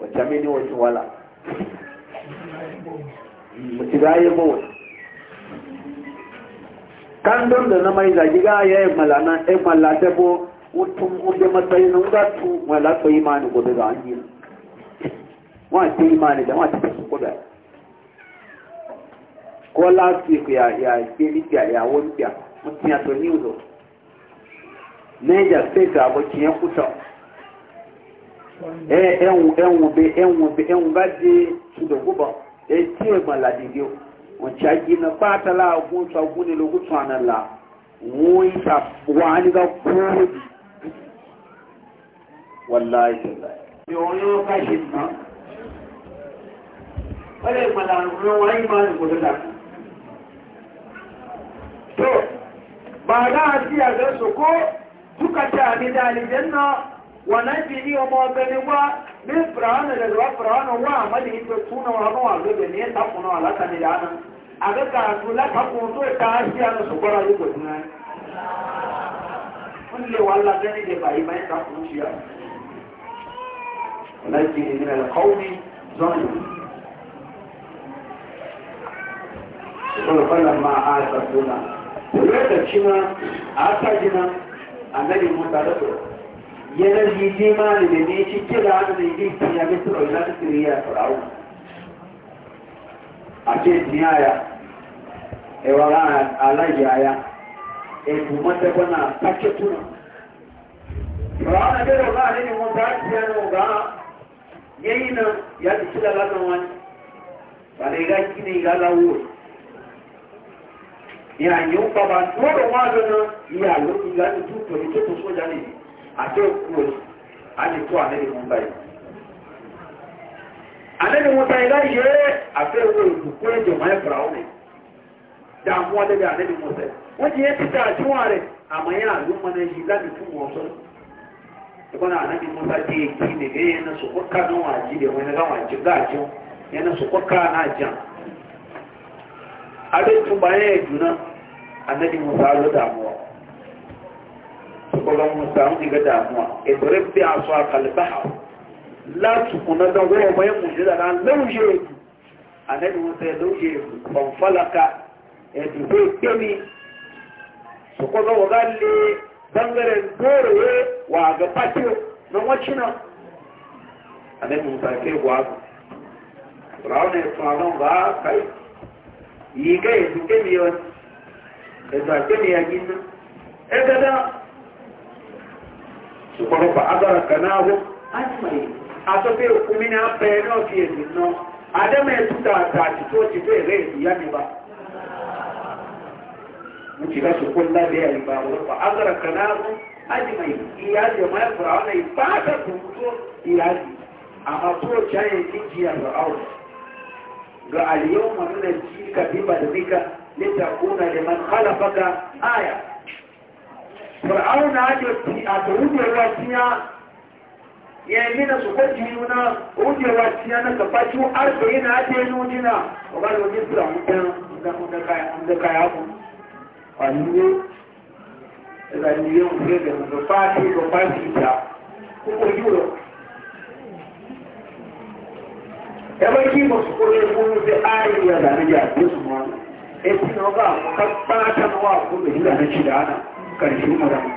wacce ne wacce wala mace ga yi mawai kan don da na mai zagi ga ya yi malana ya malata bo wutun kuɗe matsayin nan ga tu malata yi mani gobe ga an yi wa da wa ce ta su kuɗa ko last week ya ya ke libya ya ya mutum ya to new york niger state abokin ya kuta ẹ̀wùn bẹ ẹ̀wùn bẹ ẹ̀wùn bá dé ṣùdọ̀gbọ́bà ẹtí ẹ̀gbọ̀n o wọ́n ti àjì iná pátálà ọgbọ́n tó ọgbọ́n nílò ogún tó àná là wọ́n ń ta wọ́n á nígbà kúrò bì wọ́n láì tẹ̀lá. ìwọ̀n yóò bá ṣe tán wọ́n lè gbọ́dọ̀ àwọn ọmọ ayé máa ń gbọ́dọ̀ dà. tó bàbá àti àgbẹ̀ sòkó túkàtà àmì dàlí jẹ́ náà wannan jini wa mawagani ni min fir'auna da zuwa fir'auna wa amali ito tuna wa hannun wazo da ne ta kuna wa lata ne da anan a ga karatu lata kun so ta asiya na su kwara yi gudun nan kulle wala gani da bayi bayan ta kun shiya wannan jini min alkauni zonu kwallo ma a sa suna. Kulwar da cina a sa gina yanar yi jimani da ne shi kira hannun da yi ya bi tura ila ta siriya fir'aun a ce duniya ewara alayya ebu mata bana take tuna fir'aun da da a ne mun ba ta yana ga yayin no ya para kila lalan wani ba ne ga kine ga lawo ya yi ba ba ko da wani nan ya lokaci ga tuto ne tuto soja ne àti òkú òní àti tó àlẹ́lẹ́ wọn báyìí. àlẹ́lẹ́ wọn báyìí láyé àfẹ́ owó ìbùkú ẹ̀jọ̀ máa ń fara ọ̀nà dààmú àlẹ́lẹ́ àlẹ́lẹ́ wọn bẹ́ẹ̀. wọ́n ti yẹ títà àjúwọ̀n rẹ̀ àmọ́ yẹn àlùmọ́ náà yìí láti fún wọn sọ́nà. ìbọn àlẹ́bí musa dé èkì nìgbẹ́ yẹn náà sọ̀kọ́ ká náà wà jí lẹ̀ wọn gáwọn àjọ gáàjọ yẹn náà sọ̀kọ́ ká náà jà. àlẹ́ ìtumọ̀ yẹn ẹ̀dùn náà àlẹ́bí musa ló dààmú wọn kwakwalon musa an diga damuwa idrib bi a su a kalbaha la tukuna da goma mai mujiza na lauje kemi su kwaga wa galle bangaren dorowe wa ga patiyo na wacina a nan kai yi ga ya duke miyon ya zafi ṣùgbọ́n fa agbára kanáwó asọ́fẹ́ òkúmí ní apẹ́ náà fi èdè náà adẹ́mẹ́ ẹ̀túta àtàtì tó ti fẹ́ rẹ̀ ìyá níbà mú ti rá ṣùgbọ́n lábẹ́ àìbá ọlọ́pàá agbára kanáwó ájìmọ̀ ìyá jẹ̀mọ́ ẹ̀fọ́ra ọ̀nà ìpáàtà tó ń tó ìyá jì àmà tó ṣáyẹ kíjì àrọ̀ áwọ̀ ga àlìyọ́ mọ̀ nínú ẹ̀jí kàbí bàdàmíkà lẹ́tà kúnà lẹ́mọ̀ kálàfàkà áyà fir'aun na ake a rudewa tiya ya yi na su kwaji yuna rudewa tiya na gaba su arba'in na ake nujina ba ba da wani sura da kaya ku a nune da niyan kure da da fati da fati ta kuma yuro ya bai ki masu kure kuma da ariya da na jafi su ma ya fi na ga kakpa ta mawa kuma da hila na shida ana ƙarshen adam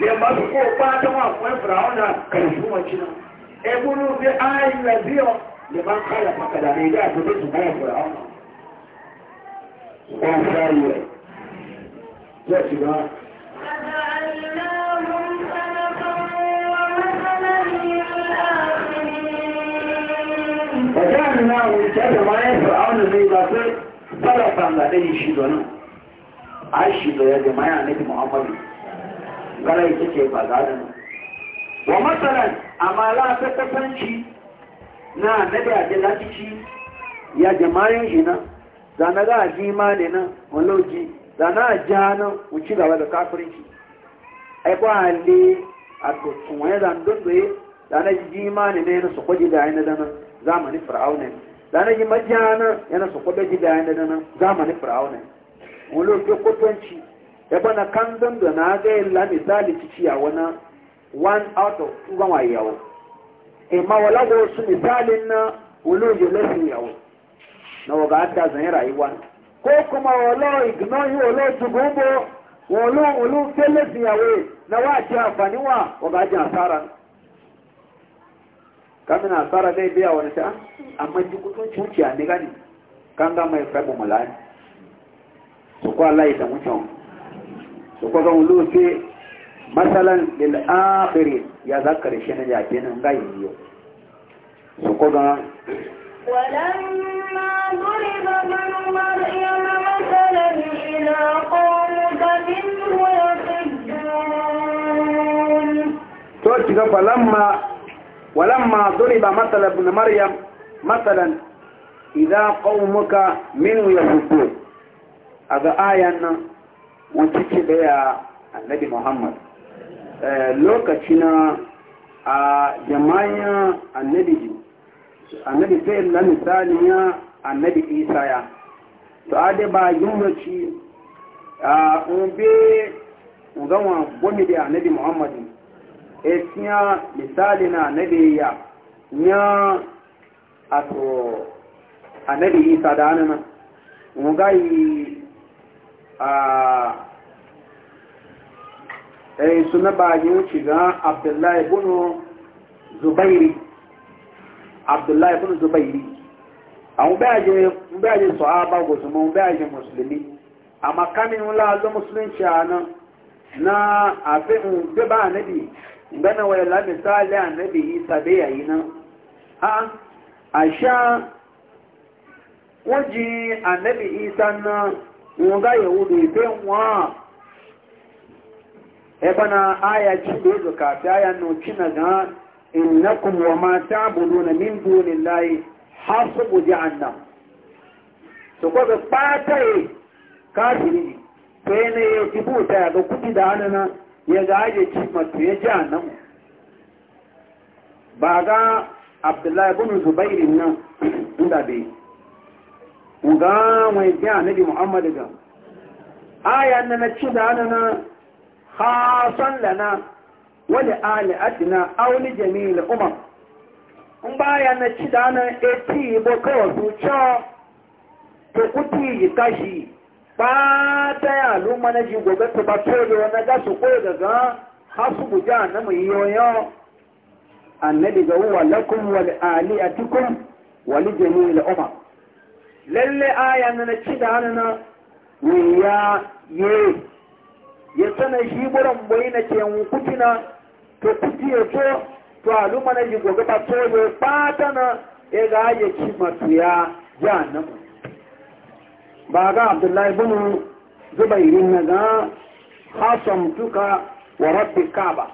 da ba su ko ba ta wa kuwa firawuna ƙarshen wacina ebulu bi ayin na biyo da ban kala faka da ne da su bi su kaya firawuna wa shari wai zai shiga وجعلناه كما يفعل زي ما قلت طلبا لديه شدنا an shi da ya jama ya nufi muhammadu gara ita ce ba za da wa matsalan amma la ta kasanci na nabi a jilatici ya jama yin shi na zana za a ji mani na waloji zana a ja na wuci gaba da kafirinci ai ba hali a tutsun wani zandun da ya zana ji mani na yana su kwaji da ya na dana zamanin fir'aunin zana ji majiyana yana su kwaji da ya na dana zamanin fir'aunin wani ke kwatanci ya bana kan da na aga yalla misali zalici a wani one out of two gama yawo ma wala ga wasu misalin na wani ke yawo na waga adda zan rayuwa ko kuma wala ignoyi wala tugubo wala wala kele yawo na wajen ji amfani wa waga ajin asara kamina asara dai biya wani ta amma ji kutunci a ne gani kan gama ya fabu malani سوكو الله يتمشون سوكو كون لوسي مثلا للآخر يذكر ذكر شنو يا جنن غايو سوكو ولما ضرب ابن مريم مثلا إلى قومك منه يصدون توجد فلما ولما ضرب مثلا ابن مريم مثلا إذا قومك منه يصدون a ga ayan nan wancan ce ya annabi muhammad eh, lokaci na a jama'in annabi ji annabi sai na misali ya annabi isa ya to ade ba yunwaci a unbe ungawa gomi da annabi muhammadu e eh, siya misali na annabi ya ya ato annabi isa da hannun ungayi ɗaya e, suna bayan shiga abdullahi bunu zubairi abdullahi bunu zubairi a mbayaje sahaba gusu ma mbayaje musulmi amma kamin wula zo musulunci a nan na afin bi ba anabi gana wai la misali anabi isa bai yayi nan a a sha wajen anabi isa na. wọn ga yahudu ife nwa ebe na aya ci da yanzu kafi aya nuci na ga innakum wa ma ta'budu na min dunillahi hasubu jahannam su ko ga patare kafiri to yana ya ci buta ya ga kudi da hannuna ya ga aje ci matu ya jahannam ba ga abdullahi bin na nan (clears throat) inda bai uga mai ji annabi muhammad ga aya na na ci da na khasan lana wani ali atina auli jami'il umar in baya na ci da na eti bo kawai su cewa to kuti yi kashi ba ta yi al'umma na ji gobe ta ba tori wani ga su daga hasu buja na mai yoyo annabi ga wuwa lakum wal ali atikum wal umar lalle aya na ci da na wuya ye ya sana shi buran bai na ce kuti kutina to kuti ya to to aluma na ji gobe ba to ya fata na ya ga ya ci matuya jahannamu ba ga abdullahi bin zubairin na ga hasan tuka wa rabbi kaba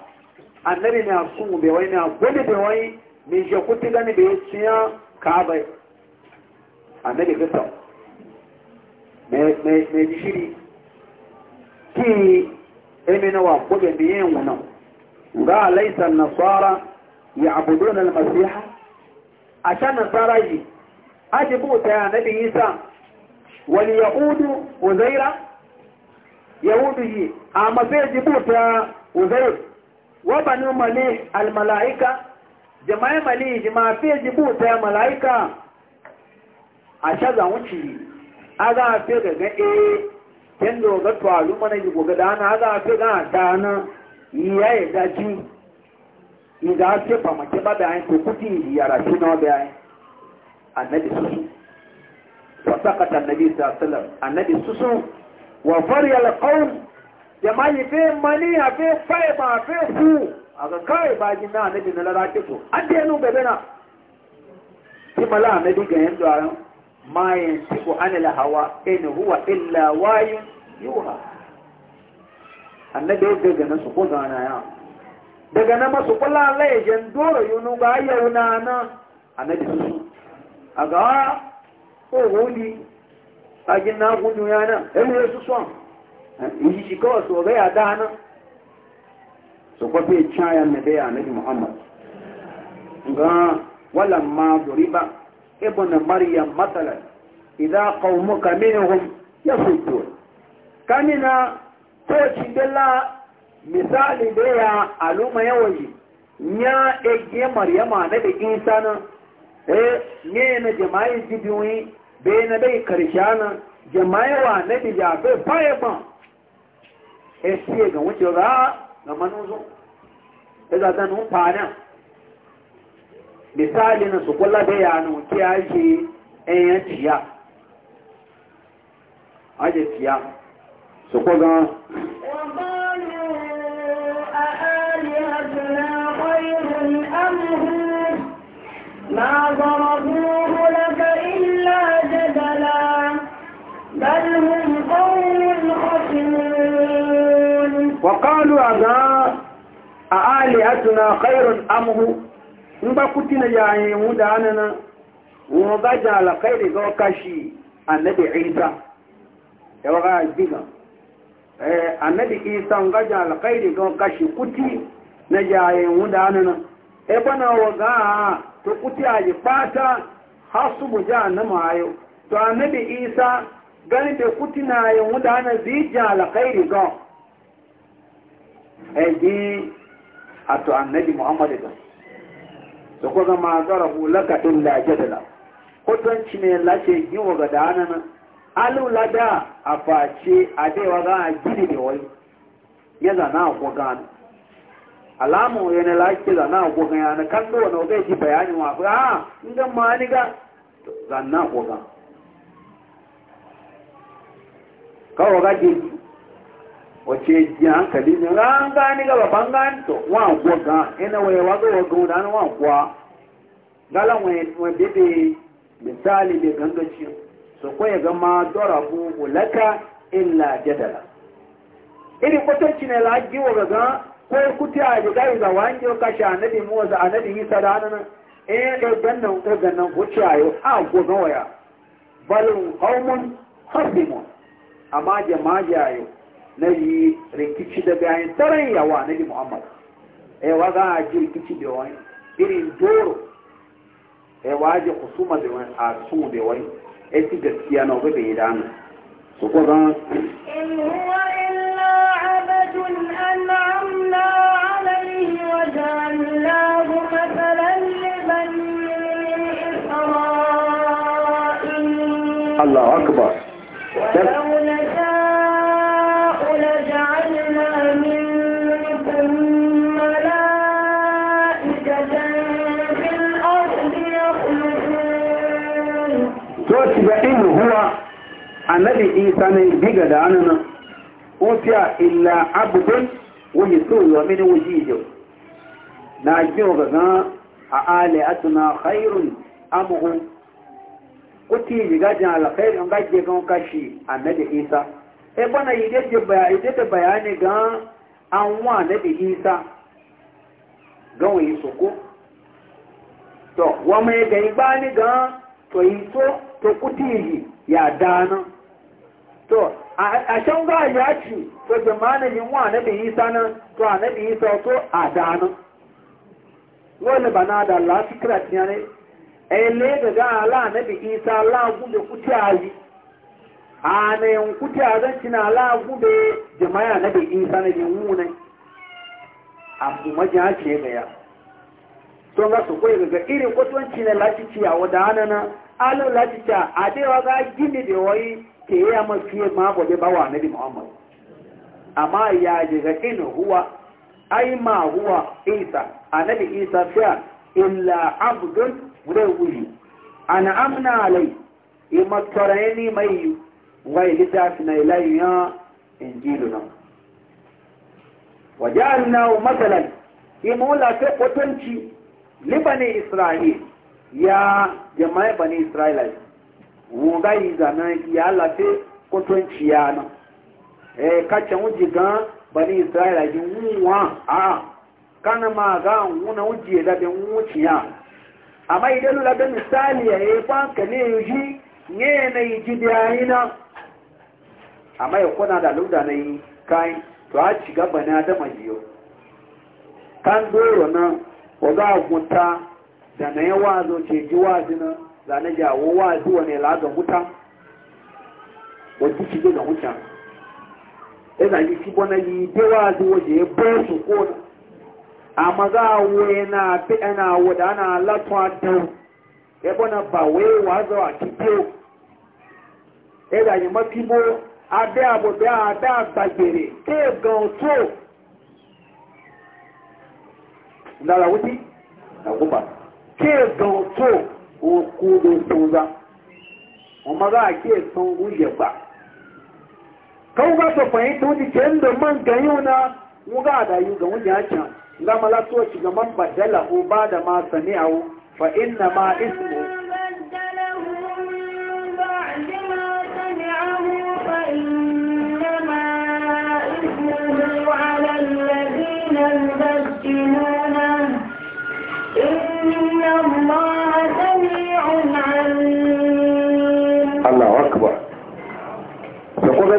annabi ne a sun bewai a gudu bewai mai shi kuti gani bai kaba عمال يغطى ما ما يشيري كي امن وابقج بيين ونو وقع ليس النصارى يعبدون المسيح عشان النصارى يجي اجبوا تيا نبي يسا واليهود وزيرا يهود يجي اما في اجبوا تيا وزير وبنوا مليه الملائكة جماعة مليه جماعة في اجبوا تيا ملائكة a sha za wuce a za a fi ga e eh, ken da ga tuwalu mana yi goga da ana a za a fi ga da ana ya yi daji ni za a fi famake ba da to kuti yara shi na da annabi susu wa sakata annabi sallallahu annabi susu wa fariyal qawm jama'a fe mani a fe fai ba fe fu a ga kai bajin na annabi na lalaki so an da yanu bebe na kimala annabi ga yin da ما ينسق عن الهوى إن هو إلا واي يوها annabi daga gane su ko na ya daga na masu kula lai ya doro yunu ga yau na na annabi su Aga ga ko oh, huli kagin na gudu ya nan ɗan eh, ya su son eh, yi shi kawai su ga ya da nan su kwafe cayan na daya annabi muhammad ga walan ma duriba ابن مريم مثلا إذا قومك منهم يصدون كاننا توشي بلا misali da ya aluma yawanci ya egiye maryama na da isa na eh ne na jama'i jibiyoyi bai na bai karshe na jama'i wa na da jabe baya ban e siye ga wuce za ga manuzo ta zaten hun fana misali na su kula da yanu ki a ji ɗayan tiya a ji tiya su kula وقالوا أذا أعلي أتنا خير أمه kuti na ya anyị nwụ da anụ na nwụ gaja ala kairi ga ọka kashi annabi isa ya waga jiga eh annabi isa gaja ala kairi ga ọka shi kuti na ya anyị nwụ da anụ na ebe na waga to kuti a yi fata har su buja annama to annabi isa gani da kuti na yi nwụ da anụ zija ala kairi ga ẹ̀dín e àtọ̀ annabi muhammadu gan da kuma ma zara hulaka illa jadala kudanci ne lashe yiwa ga danan alula da a face a daiwa ga a gini da wai ya zana a kogan alamu ya ne lashe zana a kogan a na kallo wani wakai ji bayani wa fi ha ah, inda ma ni ga zana a kogan kawo ga jini wace ji hankali ne ran gani ga babban gani to wa gwa ga ina waye wa ga wa da na wa gwa Gala waye wa bebe misali da gangaci so koya ga ma dorabu ulaka illa jadala ini kwatanci ne la ji wa ga ko kuti a ji gai za wani yau kashi annabi mu za annabi yi sadana nan eh da gannan ko gannan wuce ayo a gwa ga waya balun qaumun khasimun amma jama'a ayo na yi rikici da bayan tsaron yawa na bi muhammad ewa za a ji rikici da wani irin doro ewa ji kusuma da wani a su da wani e ti gaskiya na ga bai dana su ko zan in huwa illa abadun an'amna alayhi wa ja'alnahu mathalan li bani isra'il Allahu akbar annabi isa ne diga da hannun ofiya illa abudun wani tsohuwa mini wuji yau na jiyo gaga a ale atuna khairun amuhu kuti jigajin alkhairin gaje gan kashi annabi isa e bana ide ta bayani gan an wa annabi isa gan wani soko to wa mai gani bani gan to yi to to kuti ya to a shan ga ya ci to zamanin yin wa na biyi sanan to a na biyi sa to a danu wani bana da Allah su kira tiya ne ele ga ga ala na biyi sa la gube kuti ayi a na yin kuti a zan cina ala gube jama'a na biyi sa na yin wune a kuma jiha ce ga ya to ga su kwai ga irin kwatuwanci na lacici a wadana na alo lacici a adewa ga gini da wai ke ya mafiye ma gobe ba wa nabi muhammad amma ya ji ga in huwa ai ma huwa isa annabi isa fiya illa abdun guda wuri ana amna alai ima torani mai wai lita na ilayu ya injilu na wajen na matsalan imula ta kwatanci libani isra'il ya jama'a bani isra'ilai wunga yi zana ya lafe kutunci ya na. eh kacce wuji gan bani isra'ila ji wunwa a kana ma ga wuna wuji ya labe wuciya amma idan lula da misali ya yi e, kwanka ne yi ji ne na yi ji da yi amma ya kuna da na yi kai to a ci gaba na da majiyo kan doro nan wa ga gunta da na yawa zo ce ji wazi na. zane da wowa zuwa ne la ga wuta wata ci ga wuta ina yi ci yi dewa zuwa je bo su ko amma za a wuye na fi ana wada ana da ya bana ba wai wa zuwa ki biyo ina abẹ́ àbọ̀bẹ́ àdá àgbàgbèrè tó lára tó o túnga ọmọ gáà kí ètò wúyẹ̀gbà kọ́wọ́ tó fẹ̀yìn tó ti jẹ́ ń bẹ̀ mọ́ nǹkan yíò náà wọ́n gáà ga wọ́n yàn can gama látọ́ ci ga man bàdàlà ó bá da ma fa ina ma ismu.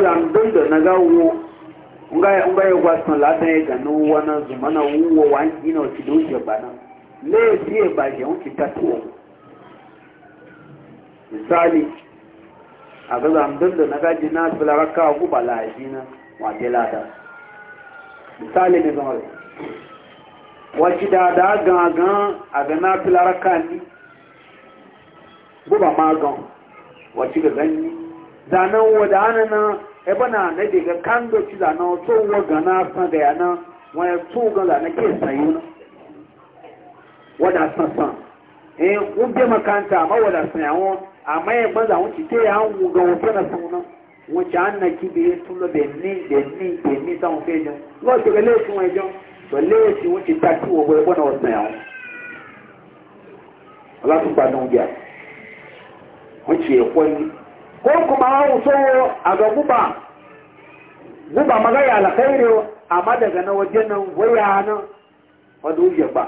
landondo na ga wo nga nga yo kwa san la tan ga no wa na zuma na wo wa ina ti do je ba na le ti e ba je on ti ta to misali a ga landondo na ga jina su la ka ku ba la jina wa de la da misali ne zama wa ci da da ga ga a ga na tilara ka ni ku ba ma ga wa ci ga zanyi zanen wadana na ebe na na daga kan doci da na wato waga na san da yana wani tsogon da na ke sayo na wada san san eh wuje makanta ma wada san yawon amma ya gbaza wuce te ya hangu ga wato na sauna wuce an na kibe ya tulo da ni da ni da ni san wuce jan wato ga laifin wani jan ba laifin wuce ta kiwo bai gwana wasu yawon Allah sun ba don biya wuce ya e kwani ko kuma hau so a ga guba guba magaya alkhairu amma daga na wajen nan waya nan wadda wuce ba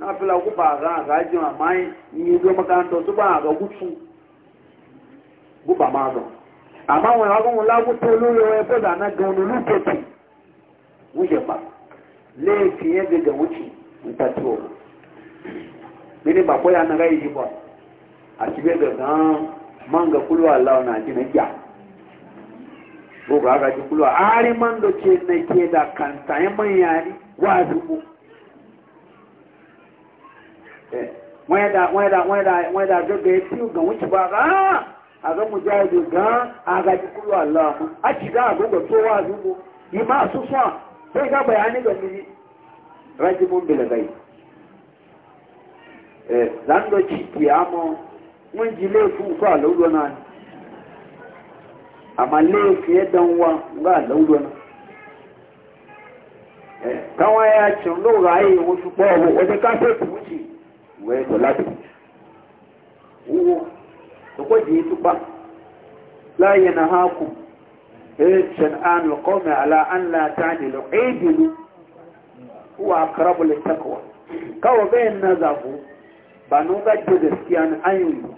na fila guba ga gajin amma yi zo makaranta su ba ga gutu guba ma zo amma wani agun lagutu lulu ya fi zana ga wani lokaci wuce ba laifin yadda ga wuce ta ciwo mini ba koya na ga yi ba a cibe da zan manga kulwa Allah na ji na kya ga ji kulwa ari man da ke ke da kanta ya manya wa zubu wani da wani da wani da wani da ga wuce ba ga a ga mu jayi ga a ga kulwa Allah mu a ci ga goga to wa zubu yi ma su sa sai ga bayani ga ni rajimun bilagai eh zan do ci kiyamo mun ji laifin ko a laudo na ne amma laifin ya danwa ga a laudo na ya ṣe ń lóòrò ayé wọn fi pọ́ ọ̀wọ́ ọdẹ káfẹ́ẹ̀tì wújì wọ́n ẹ̀tọ́ láti wúwo ọkọ̀ jẹ́ ìtúpa haku, na ha kù ala an lọ́kọ́mẹ̀ àlá ànlá lọ ẹ̀ẹ́dìlú wọ́n na gaskiya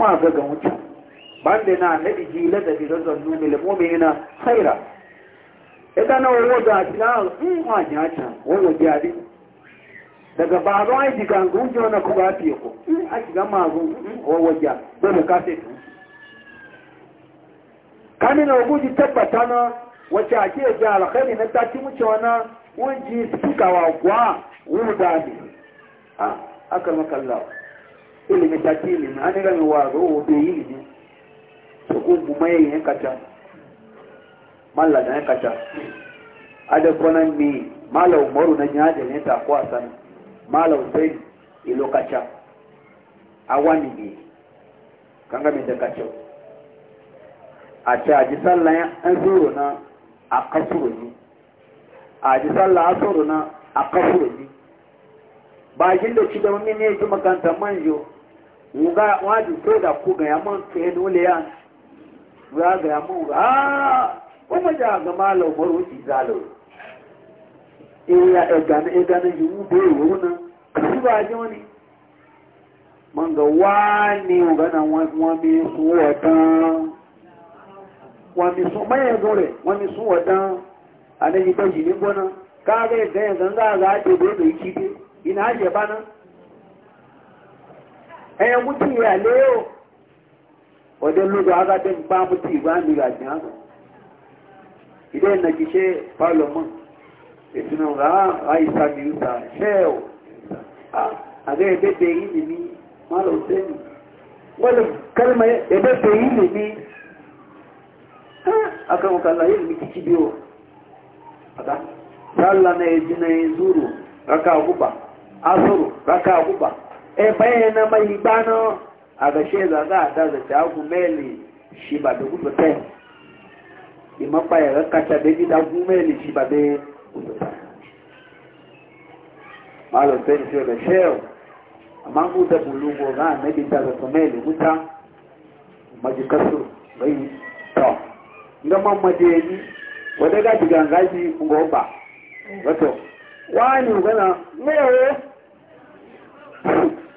kwa ga ga wuta bande na nabi la da bi rasul numi le mu'minina khaira idan na wo da tilawo in ma ya ta wo wo jadi daga baro ai diga gunjo na ku ba fiye ko in a shiga magun wo wo ja dole ka sai kani na oguji tabbata na wace ake ja alkhairi na ta ci muce wana wunji suka wa gwa wuda ne a ah, aka makallawa ilimin ta tilin an rami wa rowo bai yi ne su kungu mai yin kaca malla da yin kaca adakonan mi malau umaru na ya da nita ko a sani malau sai ilo kaca a wani ne kan de da kaca a ce a ji sallah an zuro na a kasuro ne a ji sallah an zuro na a kasuro ne bakin da ci da wani ne ya ji makanta manjo wuga wadi ko da ku ga yaman ke dole ya wuga ga yaman wuga ah kuma ja ga malo boro ti zalo in e ya egan egan yi wu be wona ku ba ji wani man ga wani wuga na wa mi su watan wa mi su mai gore wa mi su watan anayi ta jini bona ka e e ina je ẹ̀yàn mú tì rẹ̀ lé o ọdẹ lódò agadé ń bá mú tì bá mi rà jẹ́ àná ilé ìnàjíṣẹ́ pálọ̀mọ́ ìsinmi rà àìsà mi ń sà ṣẹ́ ò àgẹ́ ẹ̀bẹ̀bẹ̀ yìí nìmi má lọ sẹ́yìn wọ́n lè kálímà ẹ̀bẹ̀bẹ̀ yìí nìmi akẹ́wọ̀kàlà yìí nìmi kìkì bí o àdá sálà náà ẹ̀jìnà ẹ̀ zúrò rákà àgùbà azúrò rákà àgùbà e bayyana mai bano a gashe zaga a ta zace aku meli shi ba da gudu ta ima baya rakata da gida ku meli shi ba da gudu ta malam sai shi da shehu amma ku da bulugo ga annabi ta zace meli guta majikasu bai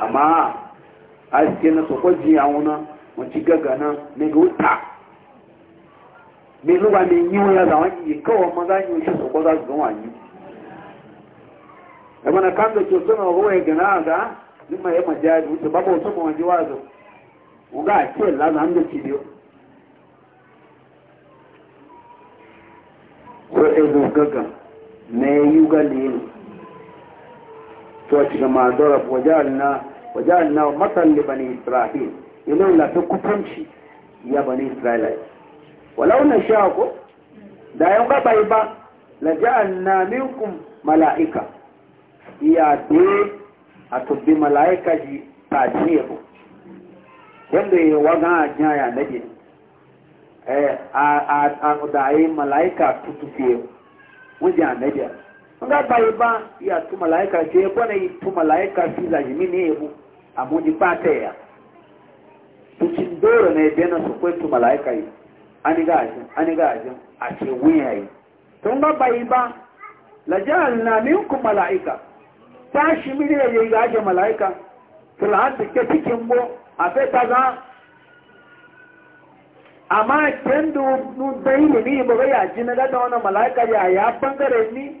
amma a suke na sokwaji a wuna wanci gaga na na ga wuta mai yi wuya za wani yi kawai maza yi shi sokwa za su zama yi ya mana kan da ke suna ruwa ya gana ga ya maja ya wuce babu wasu ma wani wazo wuga a ce ci biyu ko ezo gaga na yi yuga توشي كما ضرب وجعلنا وجعلنا مثلا لبني إسرائيل إنه لا تكفنشي يا بني إسرائيل ولو نشاءكم دا يوم بايبا لجعلنا منكم ملائكة يا دي أتبي ملائكة جي تاجيه wanda ya waga ajiya ya nage a da yi mala'ika tutufe wajen nage nga bayi ba ya tu malaika ce ya kwana yi tu malaika fi lajimi ne yabo abu di pata ya tucin doro ne bena su kwai tu malaika yi ani ga ajin ani ga ajin a ce wuya yi tun ga bayi ba lajal na min ku malaika ta shi mini ya yi gaje malaika filhatu ke cikin bo a fe ta za amma kendo nu dai ne ni ba ya ji na ga da wannan malaika ya ya bangare ni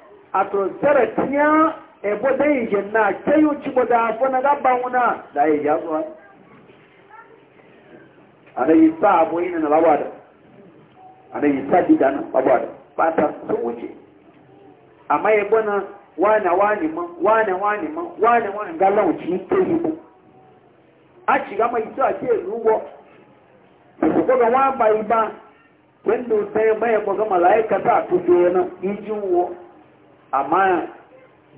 ato zara tiya ebo da yi jenna ke yi da na gaba wuna da yi ya a na yi sa abu na babuwa da a na sa dida na da fata wuce amma ebo na wane wane ma wane wane ma wane wane ga lauci ke a ci gama yi ba wanda ga àmá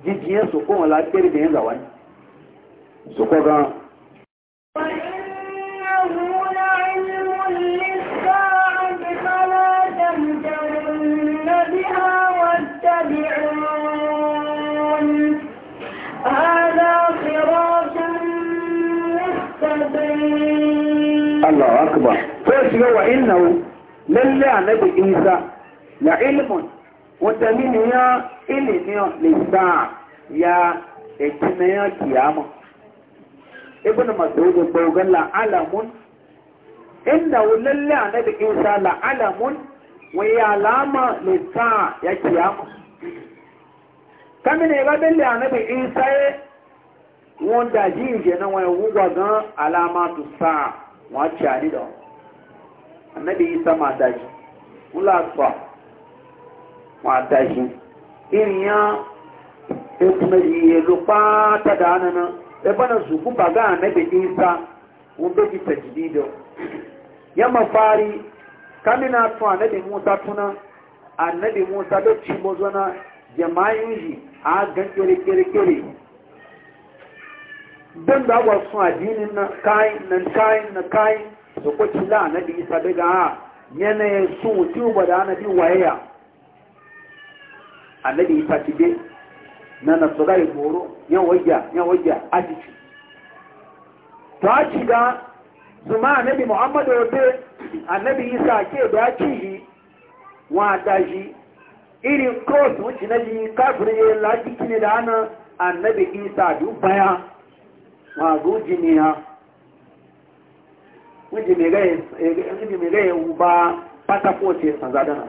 jíjí yẹn sòkó wọn láti pẹ́rẹ́ bẹ̀yẹn gbà wáyé sòkó gan. Allah akbar. Fẹ́ ṣe wà ìnáwó lẹ́lẹ́ ànẹ́bì ìsá, yà ilmùn wataminiya ilimiyo lisaa ya ekimeya kiyama ibn mas'ud bogan la alamun inda lalle annabi isa la alamun wa ya alama lisaa ya kiyama kamina ga belle annabi isa ye won da ji je na wa wugwa gan alamatu saa wa chani do annabi isa ma daji ula sa wọn àdáṣí ìrìyàn ètùmẹ̀yì èlò pátádà ánànà ẹgbọ́n náà na bàgá àmẹ́bẹ̀ ní ìta wọn bẹ́ ti tẹ̀jì dídọ̀ yamma fari kamina tún ànẹ́bẹ̀ musa túná ànẹ́bẹ̀ musa ló ci mọ́zọ́nà jama'in yi a gan kere-kere kere don da wa sun addinin na kayan na kayan na kayan su kwaci la annabi isa daga ah, yanayin sun wuce ba da annabi wayaya annabi ita tibe na nasara ya boro ya wajja yan wajya ajici to a ci su ma annabi muhammadu wabe annabi isa ke da ci yi wa da shi iri ko su ci na ji kafin ya yi lajiki ne da ana annabi isa du baya ma zuji ne ha wuji mai gaya wuba san zadana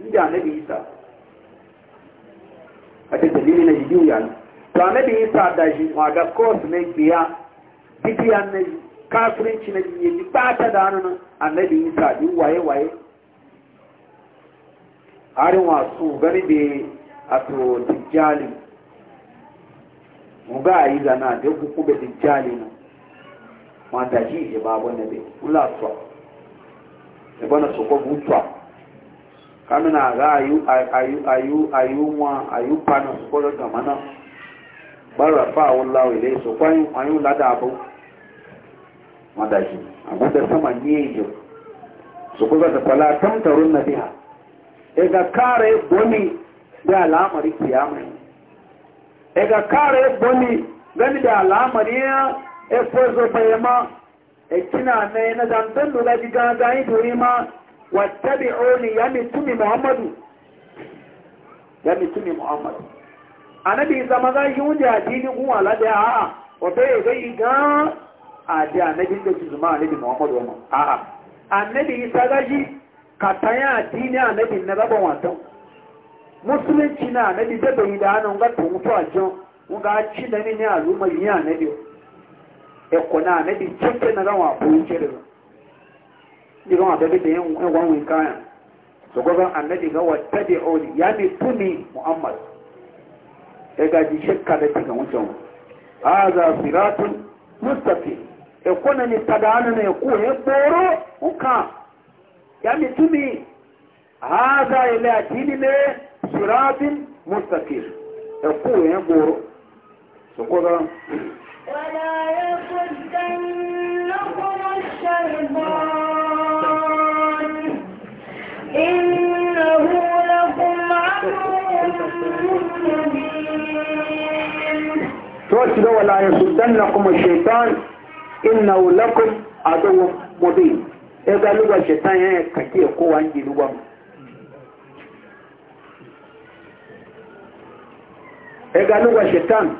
inda annabi isa a ta dalili na jidiyu yana to annabi isa da shi wa da kos na biya bibiya na kafirinci na yi ba ta da hannun annabi isa yi waye waye harin wasu gani da a to tijjali mu ga yi zana da hukube tijjali na wanda shi ya babu na bai kula su ya bana su kwa mutuwa kamina aga ayu ayu ayu ayu nwa ayu pano kolo gamana gbara fa awula wele so kwayin kwayin lada abu madashi abu da sama niye iyo su kuka da fala tamtarun na biha ega kare boni da al'amari kiyama ega kare boni gani alama al'amari ya efo zo bayama ne na zantan lula di gangan idori ma wattabi'uni ya mitumi muhammadu ya mitumi muhammadu anabi zama za shi wunde addini kun wala da a'a wato ya ga iga a da su zuma muhammadu wama a'a annabi isa za shi ka tanya addini annabi na musulunci na anabi da bai da hannun ga mutu nga ndị gawa da bita yin kayan su gwagwa annabi ga wata da ya muhammad ya gaji shakka da tiga wucin a za siratun mustafi ya kuna ne da hannu ya kuwa ya boro nka ya ne tuni za ya laya tini ne siratun mustafi ya kuwa ya boro su gwagwa ولا يصدنكم توسد ولا يصدنكم الشيطان إنه لكم عدو مبين إذا لغا الشيطان يكتي قوة عندي لغا إذا لغا الشيطان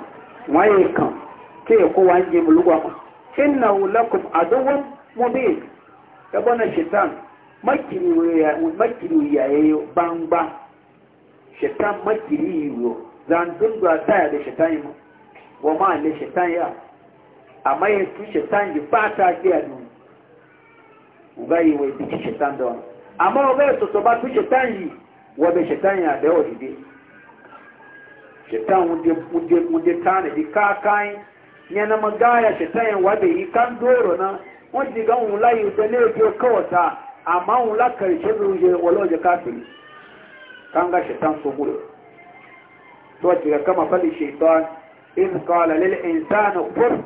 ما يكن كي قوة عندي لغا إنه لكم عدو مبين يبنى الشيطان makiri yayayo bangba shaitan makiri yiwu zan dunga taya da shaitan yi mu wọ́n máa lè ṣetán yá àmọ́ yẹn tún ṣetán yìí pátá gbé ẹnu ọ̀gá yìí wọ́n ibi tí ṣetán dán àmọ́ ọ̀gá ìtòtò bá tún ṣetán yìí wọ́n bẹ ṣetán yìí àbẹ́ òdìdí ṣetán wunde tán ẹ̀dí káàkáyín yẹn náà mọ gáyà ṣetán yẹn wà bẹ̀ yìí ká ń dóòrò náà wọ́n ti láyé ní àmọ́ lákàrí ṣẹ́gun إن قال للإنسان كفر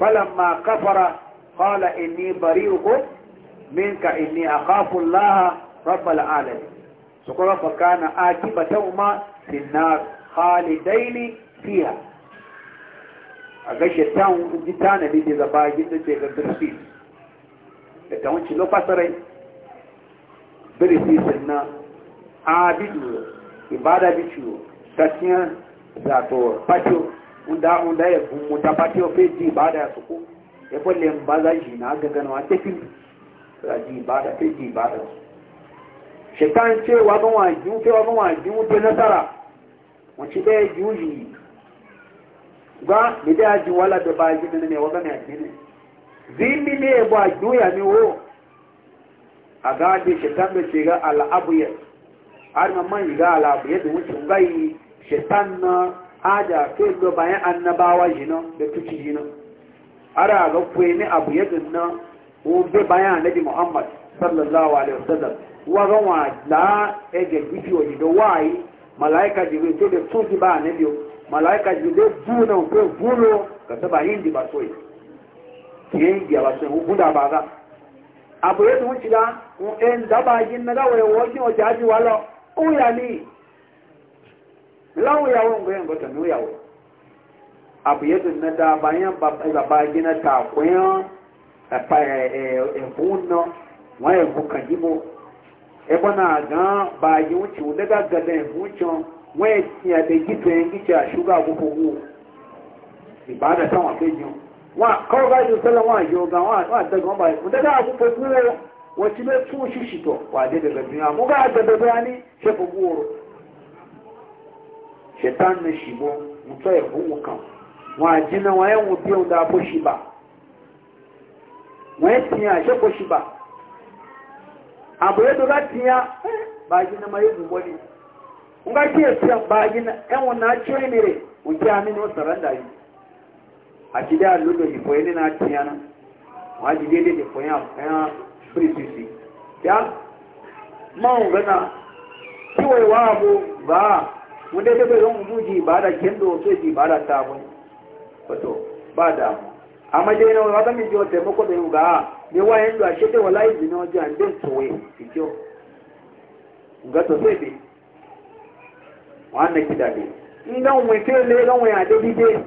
فلما كفر قال إني بريء منك إني أخاف الله رب العالمين سكرا فكان عاقبتهما في النار خالدين فيها أغشي تاون جتانا بيدي زباي جتو جيغا برسيس لتاون شلو فسرين برسيس النار عابدو عبادة بيشو تسيان zato patio unda unda ya muta patio feji ibada ya suku ya kwalle mbaza shi na aga gano a tafi raji ibada feji ibada shekan ce wa ban wa jiwu ce wa ban wa na ce nasara wace bai jiwu shi ga mi da ji wala da ba ji ne wa ga ne zimbi ne ba juya ni wo a gaje shekan da ce ga al'abu ya har mamman ga al'abu ya da wuce ngai shaitan na aja ke ga bayan annabawa jina da jina ara ga kwe ne abu bayan annabi muhammad sallallahu alaihi wasallam wa ga wa la e ga ni do wai malaika to ba malaika ko bulo ka ta bayin di ba soyi ba ba ga abu ya dun shiga un en daba jin na ga wayo wajin wajaji wala lan yawo ngoyen goto nu yawo abu yeto na da bayan baba gina ta koyan ebun eh, eh, eh, no wọn ebu kan yibo ebo na gan baaji wuce wọn daga gada ebu can wọn eti abe gito yen gice a shuga agogo wo ibada san wọn feji wọn kawo ga yi sọlọ wọn yi oga wọn adaga wọn baaji wọn daga agogo wo wọn ti bẹ tún shetan na shibo mutu ya hunwu kan wọn àjínà wọn yẹn wò bí òun dá ba ṣì bá wọn yẹn tìyàn àṣẹ bó ṣì bá àbúrò tó bá tìyàn báyìí náà máa yẹ dùn wọlé wọn bá tiẹ̀ tiẹ̀ báyìí náà ẹ̀wọ̀n náà tí ó yẹn rè wọn tí a ní ní wọn sàrẹ́ndà yìí àtidé àlódò ìfọ̀ yẹn náà tìyàn náà wọn á dìde léde fọ̀ yẹn àfẹ́yàn pírísìsì yá máa ń gbẹ́nà kí wọ́n ìwà àbò báà wanda ta bai zan mu ji ba da kendo so ji ba da ta mun wato ba da mu amma dai na wata min ji wata mako da yuga ne ah, wa yin da shi da wallahi ji na wajen din soye fijo ga to sai bi wannan kida ne in ga mu ke le ga mu ya da bide.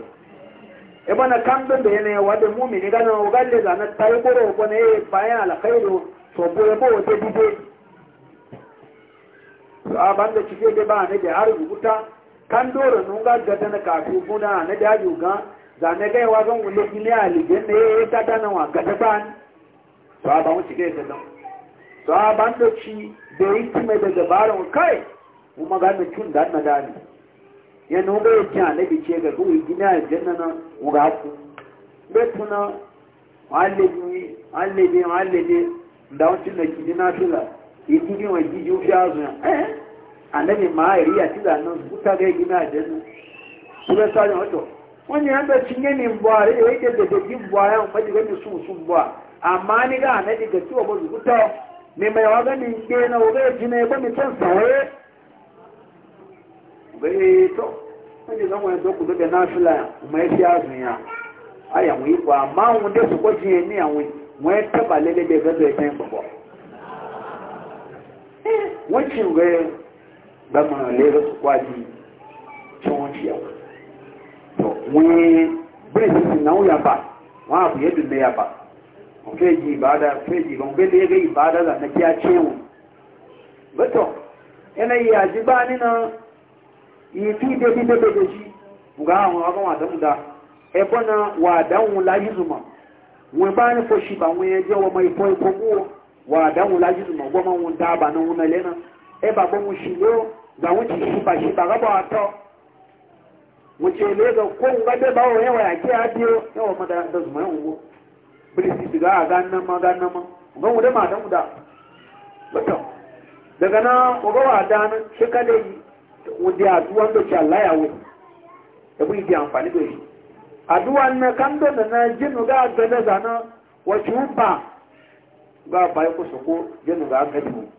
e bana kan da yana wa mu'mini ga na ga le tayi goro ko bayan alkhairu to bo bo da bije sahaban da cike da ba ne da har rubuta kan dora nun ga gata na kafi kuna na da juga za ne ga yawa gan wule gile aligen ne ta ta na wa gata ban sahaban mu cike da Su sahaban da ci da yi mai da dabarun kai mu magana tun da na dani ya nun ga yake annabi ce ga kuwi gile aljanna na mu ga ku betuna wallahi wallahi wallahi da wancin da kidina tula ibi wọn jíjí ó fi ààrùn ẹ́ ànẹ́bì máa rí àtìlà náà bútàrẹ́ igi náà jẹ́nu ṣúgbẹ́ sáré ọjọ́ wọ́n ni ẹgbẹ́ tí yẹ́ ni mbọ́ àrí ìwé jẹ́ dẹ̀dẹ̀ jí mbọ́ àrẹ́ òun mẹ́jì rẹ́mi sùn sùn mbọ́ àmà nígbà ànẹ́bì gẹ̀tí ọ̀bọ̀ lùkútọ́ ni mẹ́yà wá gẹ́mi gbé náà wọ́n gẹ́gẹ́ jìnnà ẹgbẹ́ mi tẹ́ sàwẹ́ bẹ́ẹ̀ tọ́ wọ́n ni lọ́wọ́ ẹ̀dọ́ kò lóde náà fìlà ọmọ ẹ̀fí ààrùn yà ayàwó ipò àmà àwọn dẹ́sùkọ́ jìnnà ní àwọn wọ́n ẹ̀ tẹ́bà lẹ́lẹ́dẹ́ wọ́n ti rẹ̀ gbàmọ̀ lẹ́rọ sọ́kwájì tí wọ́n ti yàwó tọ́ wọ́n bẹ́ẹ̀ sì sì náwó yàbá wọ́n àbò yẹ́ dùn yàbá wọ́n fẹ́ yí ìbáadá fẹ́ yí wọ́n bẹ́ẹ̀ lẹ́rẹ́ ìbáadá là nàkí àkyẹ́wò bẹ́tọ̀ ẹnna yìí àdìgbà nínú yìí tí débi débi dèjì nga àwọn ọmọ àdánwò dá ẹ̀bọ́n náà wà àdánwò láyé zùmọ̀ wọ́n bá ń fọ́ ṣì wa dan wula ji zuma goma wun ta ba nan wuna lena e ba ba mu shigo ga wuce shi ba shi ba ga ba to mu ce le ga ko ga da ba wa yake a biyo yawa ma da da zuma yan ugo bilisi su ga ga nan ma ga nan ma ga mu da ma dan guda bato daga na ko ga wa dan shi kale wudi aduwan da ke Allah ya wuce da bu yi amfani da shi aduwan na kan da na jinu ga ga da zana wace ba ga bai ku suko jenu ga aka dimu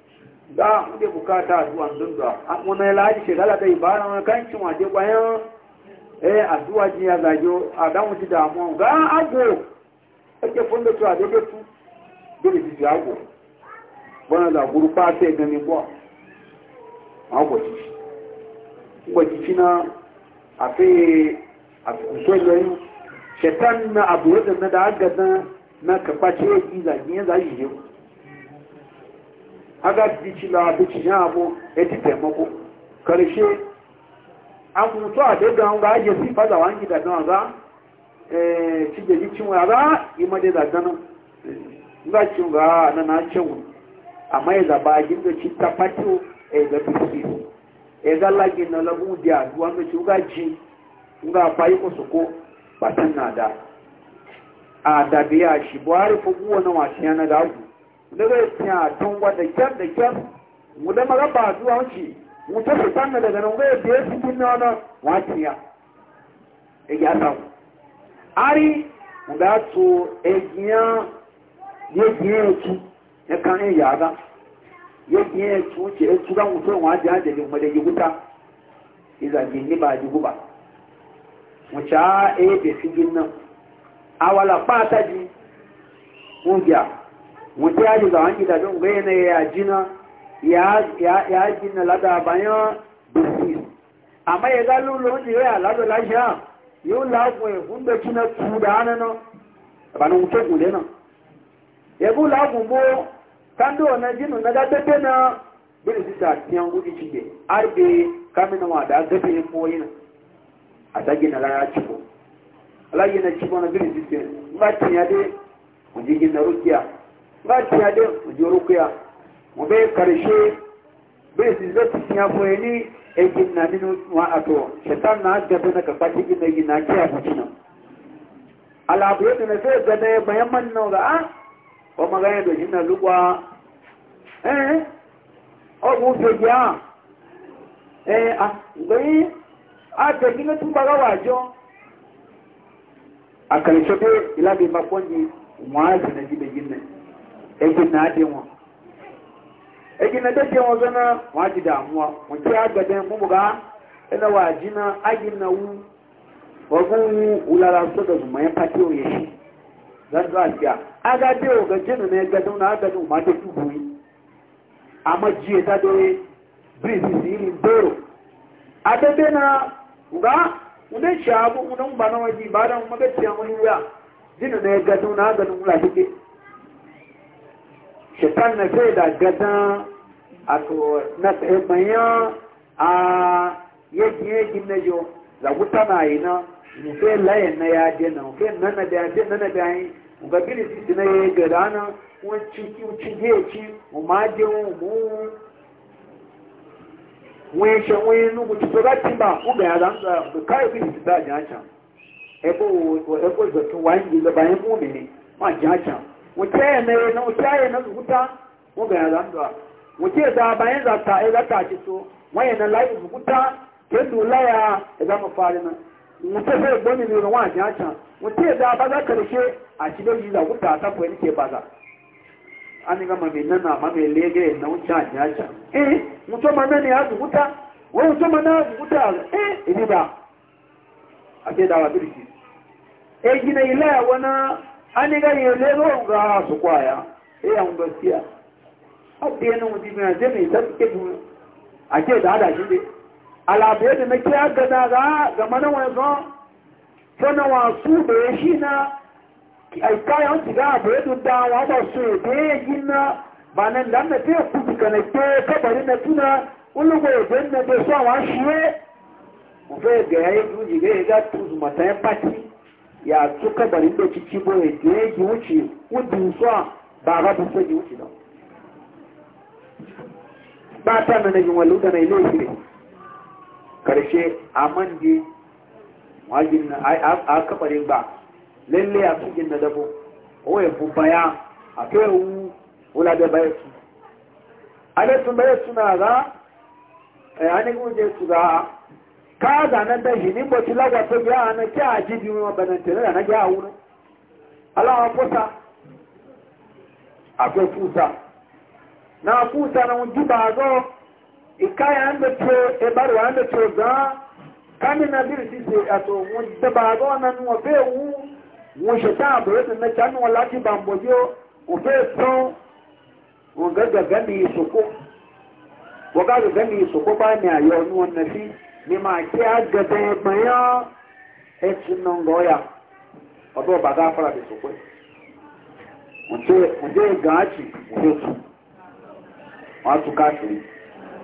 da kuke bukata addu'a don da an kuma ya laji shekara da ibara wani kancin waje bayan eh addu'a ji ya zajo a dan wuce damuwa ga ago ake funda su a daidai su dole ji da guru pa sai ga ne kwa ago ci ko na shetan na abu da da agadan na kakpace giza gine za yi ihe aga la a daga an ga ajiye sifa da wani da nan za eh, ci da jikin wa da za ci ga na na amma ya zaba a gina ci ta fatiyo ya ga bisi ụzọ ga lagi na lagu da duwanda ji fayi na da a shi buhari fi kowane wasu yana da abu daga ya tun wada da kyar mu da mara ba zuwa wuce mu ta fi sanna daga nan da ya fi bin nana wasu ya ya asa ari mu da to egiya ya giya ya ci ya kan yi yaga ya giya ya ci wuce ya ci wuce ji kuma guba mu ca fi gin nan awala pataji ji ƙungiya wata ya ji zawon gida don gayyana ya jina ya jina lada bayan busi amma ya galu lóúnjẹ rẹ̀ aládọ́ láṣá yóò láàkùn ẹ̀fún bẹ kí náà tún dáánà náà ẹ̀bànà òkè kùn lẹ́nà ẹ̀bú láàkùn bó kándò ọ̀nà jínú náà tẹ́tẹ́ náà bẹ́rẹ̀ sísà tí a ń gúdí ti gbẹ̀ àrùbẹ̀ kámínà wọn àdá gẹ́gẹ́ mọ́ yìí náà àtàgé alayi na cibo na gini jike ba ci ya dai mu ji gina rukiya ba ci ya dai mu ji rukiya mu bai karshe bai su zai ci ya foye ni e gina ninu wa ato shaitan na gaba na kafa ci gina gina ci ya mutu nan alabu yadda na sai gada ya bayan man nan ga a o magana da jina lugwa eh o mu fe ya eh a bai a ta gina tun ba ga a karshe dai ila bai bakon ne mwazi na jibe gina egin na wọn egin na dade wọn zana waji damuwa wace ya gada mu ga ina waji na agin na wu wagun ulara so da zuma ya fati o yashi zan zuwa siya aga de o ga jinu na gada na agadu ma ta tubu yi amma na ga wunde shi abu wunde ba na waje ba da maga ciya wani wuya jina na ya gado na ganin wula kike shaitan na sai da gada e a to na sai manya a yaki yaki na jo za wuta na yi na nufe layin na ya je na nufe nana da ya je nana wenshe wenu kuti pakatimba ugayalanza kayo kuti tidajacha ebo zotu waingiza ebe majacha uchayena uchayena zukuta ugayalanza ucheza bayenza ta ezatachiso wayena lai zukuta kendula ya ezamufalina mutese ebonimiro wajacha muteza bazakareshe achibe na kuti atakwene chebaza Aniga ga mame nana mame lege na uncha a jaja eh Muto mana ne ya zubuta wai muto mana ya zubuta eh ini ba a ce dawa birki eh gina ilaya wani an ga yi lego ga su kwaya eh an gaskiya abu yana wuce mai zai mai ta suke duniya a ce da hada shi ne alabai da na kiya gada ga mana wani zon sanawa su da shi na alkayan shiga a bayan dawa da su da ya yi na ba nan da na fiye kudu ka na ke kabari na tuna ulugo ya jen na bai suwa wani shiwe ufe ga ya yi tuji ga ya ga tuzu mata ya pati ya su kabari da cici bo ya je yi wuce wudu suwa ba ga bu sa yi wuce don ba ta na na yi wani da na yi ile shi karshe a man di wajen a kabarin ba lele a cikin na dabo o ya bubaya a kai wu wula da bayan su alaikun bayan suna za a yi hannun guje su za ka zanen da shi ni ba ci lagata na ki aji ji biyu ma banan da na gya wurin alawa fusa akwai fusa na fusa na wun jiba zo ikaya an da ce ebarwa an da ce za kami na birisi na nuwa bai wu wọn ṣe tá àbúrò tó mẹta ní wọn láti bá mọjọ òfé tán wọn gẹgẹgẹ mi ìsòkó wọn gẹgẹgẹ mi ìsòkó bá mi àyọ ní wọn nà sí ni màá kí á gẹgẹ ẹgbẹ yẹn ẹtù nà ń lọ yà ọdọ bàtà afárá bẹ sòkó ǹjẹ gàn á jì òfé tù wọn á tù káàkiri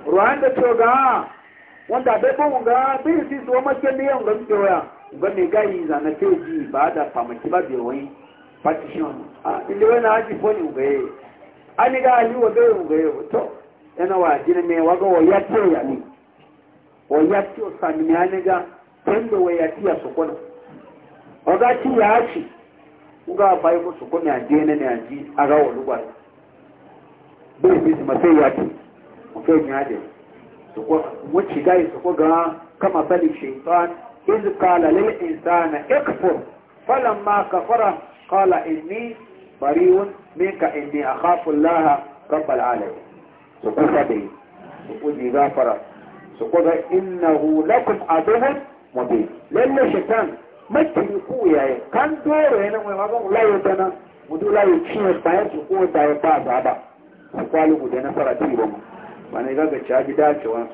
rwanda tó gàn á wọn dàbẹ bóun gàn á bí ìsísí wọn mọ sí ẹni yẹn ń lọ sí ìjọba yà gbẹ́mi gáyìí ìlànà kéèjì ìbáadà pàmòtí bá bẹ̀rẹ̀ wọ́n partition ilé wọn náà jì fọ́nì ìwéyè a ní gáà yíwọ̀ bẹ́ẹ̀ ìwéyè tọ́ ẹnà wà jí ni wágọ́ wọ̀yá tí ó yà mí wọ̀yá tí ó sàmì ní anígá tẹ́ńdọ̀ wọ̀yá tí a sọ̀kọ́ nà ọ̀gá tí yà á sì wúgá àbáyé kó sọ̀kọ́ ní àjẹ́ ní ní àjí ara wọ̀ lúgbà bẹ́ẹ̀ إذ قال للإنسان اكفر فلما كفر قال إني بريء منك إني أخاف الله رب العالمين سقوط به سقوط غافرة سقوط إنه لكم عدو مبين لأن الشيطان ما تلقوا يا إيه. كان دوره هنا بقول لا يدنا مدو لا يشين cinye إيه. سقوط su بعض هذا ya fasa ba su kwalu mu da nasara شو ba mu ba ne ga ga caji dacewa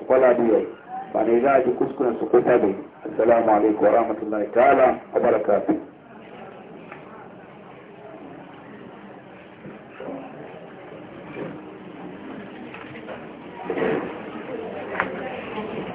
السلام عليكم ورحمة الله تعالى وبركاته